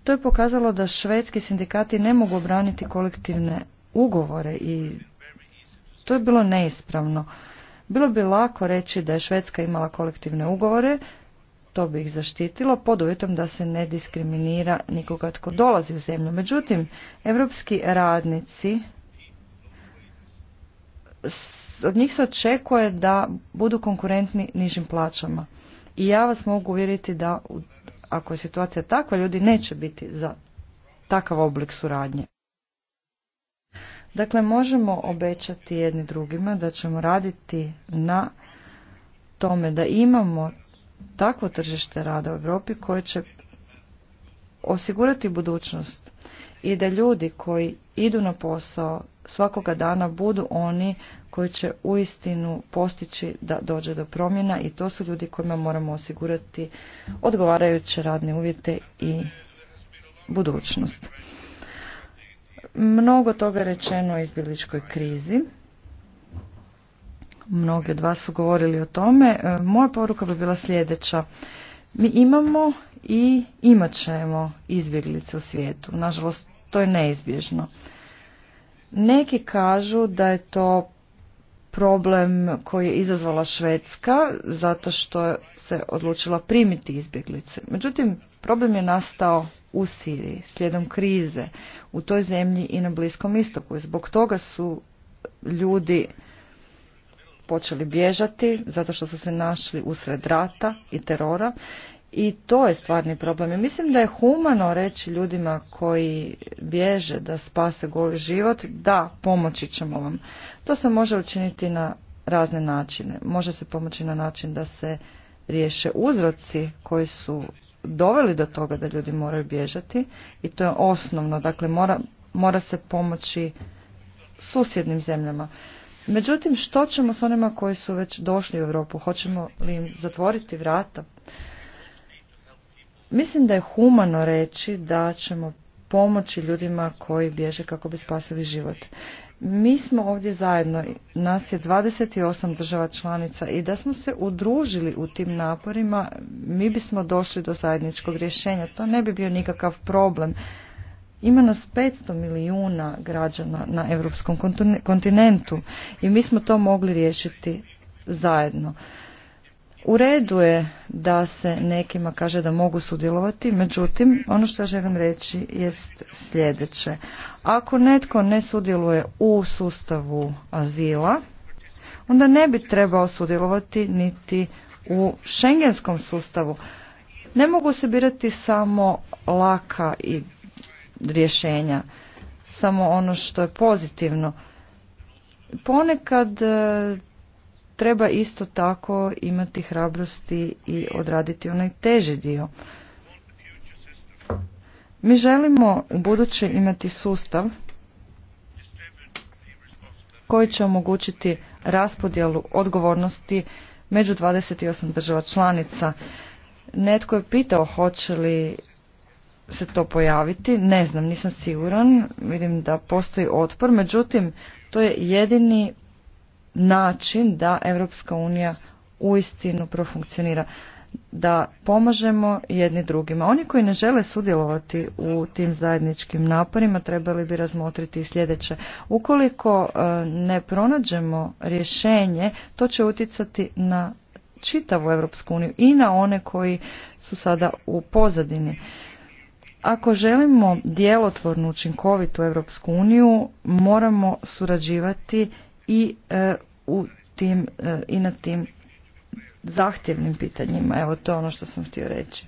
to je pokazalo da švedski sindikati ne mogu obraniti kolektivne ugovore i to je bilo neispravno. Bilo bi lako reći da je Švedska imala kolektivne ugovore, to bi ih zaštitilo pod uvjetom da se ne diskriminira nikoga tko dolazi u zemlju. Međutim, evropski radnici od njih se očekuje da budu konkurentni nižim plaćama. I ja vas mogu uvjeriti da ako je situacija takva, ljudi neće biti za takav oblik suradnje. Dakle, možemo obećati jedni drugima da ćemo raditi na tome da imamo takvo tržište rada u Europi koje će osigurati budućnost i da ljudi koji idu na posao svakoga dana budu oni koji će uistinu postići da dođe do promjena i to su ljudi kojima moramo osigurati odgovarajuće radne uvjete i budućnost. Mnogo toga rečeno o izbjegličkoj krizi. Mnogi od vas su govorili o tome. E, moja poruka bi bila sljedeća. Mi imamo i imat ćemo izbjeglice u svijetu. Nažalost, to je neizbježno. Neki kažu da je to problem koji je izazvala Švedska zato što se odlučila primiti izbjeglice. Međutim, problem je nastao u Siriji, slijedom krize, u toj zemlji i na Bliskom istoku. zbog toga su ljudi počeli bježati zato što su se našli usred rata i terora i to je stvarni problem. I mislim da je humano reći ljudima koji bježe da spase goli život, da, pomoći ćemo vam. To se može učiniti na razne načine. Može se pomoći na način da se riješe uzroci koji su doveli do toga da ljudi moraju bježati i to je osnovno, dakle mora, mora se pomoći susjednim zemljama. Međutim, što ćemo s onima koji su već došli u Europu? Hoćemo li im zatvoriti vrata? Mislim da je humano reći da ćemo pomoći ljudima koji bježe kako bi spasili život. Mi smo ovdje zajedno, nas je 28 država članica i da smo se udružili u tim naporima, mi bismo došli do zajedničkog rješenja. To ne bi bio nikakav problem. Ima nas 500 milijuna građana na europskom kontinentu i mi smo to mogli riješiti zajedno. U redu je da se nekima kaže da mogu sudjelovati, međutim, ono što ja želim reći jest sljedeće. Ako netko ne sudjeluje u sustavu azila, onda ne bi trebao sudjelovati niti u šengenskom sustavu. Ne mogu se birati samo laka i rješenja, samo ono što je pozitivno. Ponekad treba isto tako imati hrabrosti i odraditi onaj teži dio. Mi želimo u buduće imati sustav koji će omogućiti raspodjelu odgovornosti među 28 država članica. Netko je pitao hoće li se to pojaviti, ne znam, nisam siguran, vidim da postoji otpor, međutim to je jedini način da Europska unija uistinu profunkcionira da pomažemo jedni drugima. Oni koji ne žele sudjelovati u tim zajedničkim naporima trebali bi razmotriti sljedeće. Ukoliko e, ne pronađemo rješenje, to će utjecati na čitavu Europsku uniju i na one koji su sada u pozadini. Ako želimo djelotvornu učinkovitu Europsku uniju, moramo surađivati i e, u tim e, i na tim zahtjevnim pitanjima. Evo to je ono što sam htio reći.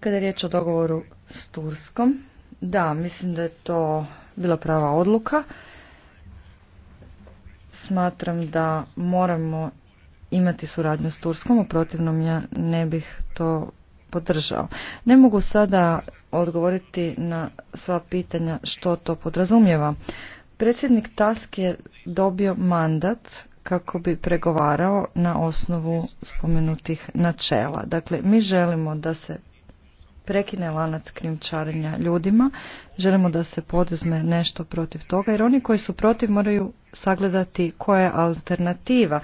Kada je riječ o dogovoru s Turskom, da, mislim da je to bila prava odluka smatram da moramo imati suradnju s Turskom, u protivnom ja ne bih to podržao. Ne mogu sada odgovoriti na sva pitanja što to podrazumijeva. Predsjednik Task je dobio mandat kako bi pregovarao na osnovu spomenutih načela. Dakle, mi želimo da se prekine lanac krimčarenja ljudima. Želimo da se poduzme nešto protiv toga jer oni koji su protiv moraju sagledati koja je alternativa.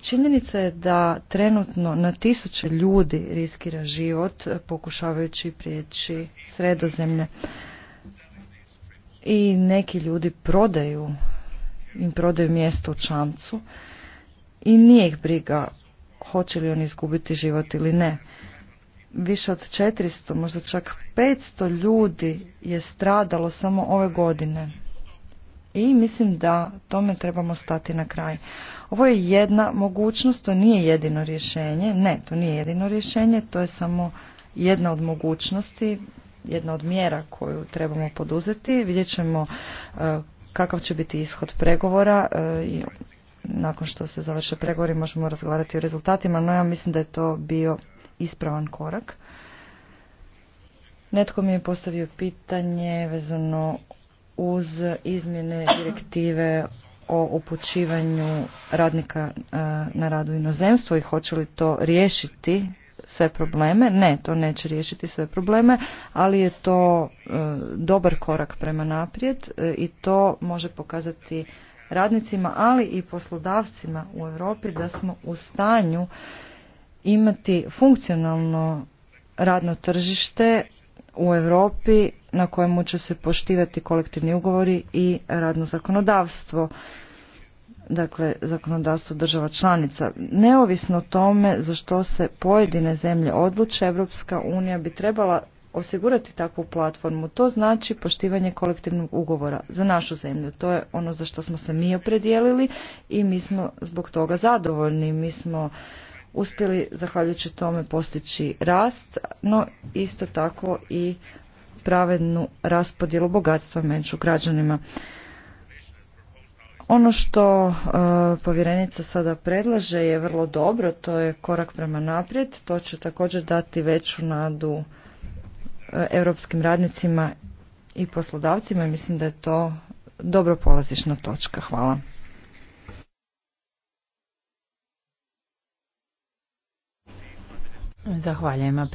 Činjenica je da trenutno na tisuće ljudi riskira život eh, pokušavajući prijeći sredozemlje i neki ljudi prodaju im prodaju mjesto u čamcu i nije ih briga hoće li oni izgubiti život ili ne više od 400, možda čak 500 ljudi je stradalo samo ove godine. I mislim da tome trebamo stati na kraj. Ovo je jedna mogućnost, to nije jedino rješenje. Ne, to nije jedino rješenje, to je samo jedna od mogućnosti, jedna od mjera koju trebamo poduzeti. Vidjet ćemo e, kakav će biti ishod pregovora e, i nakon što se završe pregovori možemo razgovarati o rezultatima, no ja mislim da je to bio ispravan korak. Netko mi je postavio pitanje vezano uz izmjene direktive o upućivanju radnika e, na radu inozemstvo i hoće li to riješiti sve probleme. Ne, to neće riješiti sve probleme, ali je to e, dobar korak prema naprijed e, i to može pokazati radnicima, ali i poslodavcima u Europi da smo u stanju imati funkcionalno radno tržište u Europi na kojemu će se poštivati kolektivni ugovori i radno zakonodavstvo dakle zakonodavstvo država članica. Neovisno tome za što se pojedine zemlje odluče, Europska unija bi trebala osigurati takvu platformu. To znači poštivanje kolektivnog ugovora za našu zemlju. To je ono za što smo se mi opredijelili i mi smo zbog toga zadovoljni. Mi smo uspjeli zahvaljujući tome postići rast, no isto tako i pravednu raspodjelu bogatstva među građanima. Ono što e, povjerenica sada predlaže je vrlo dobro, to je korak prema naprijed, to će također dati veću nadu e, europskim radnicima i poslodavcima i mislim da je to dobro polazišna točka. Hvala. Zahvaljujem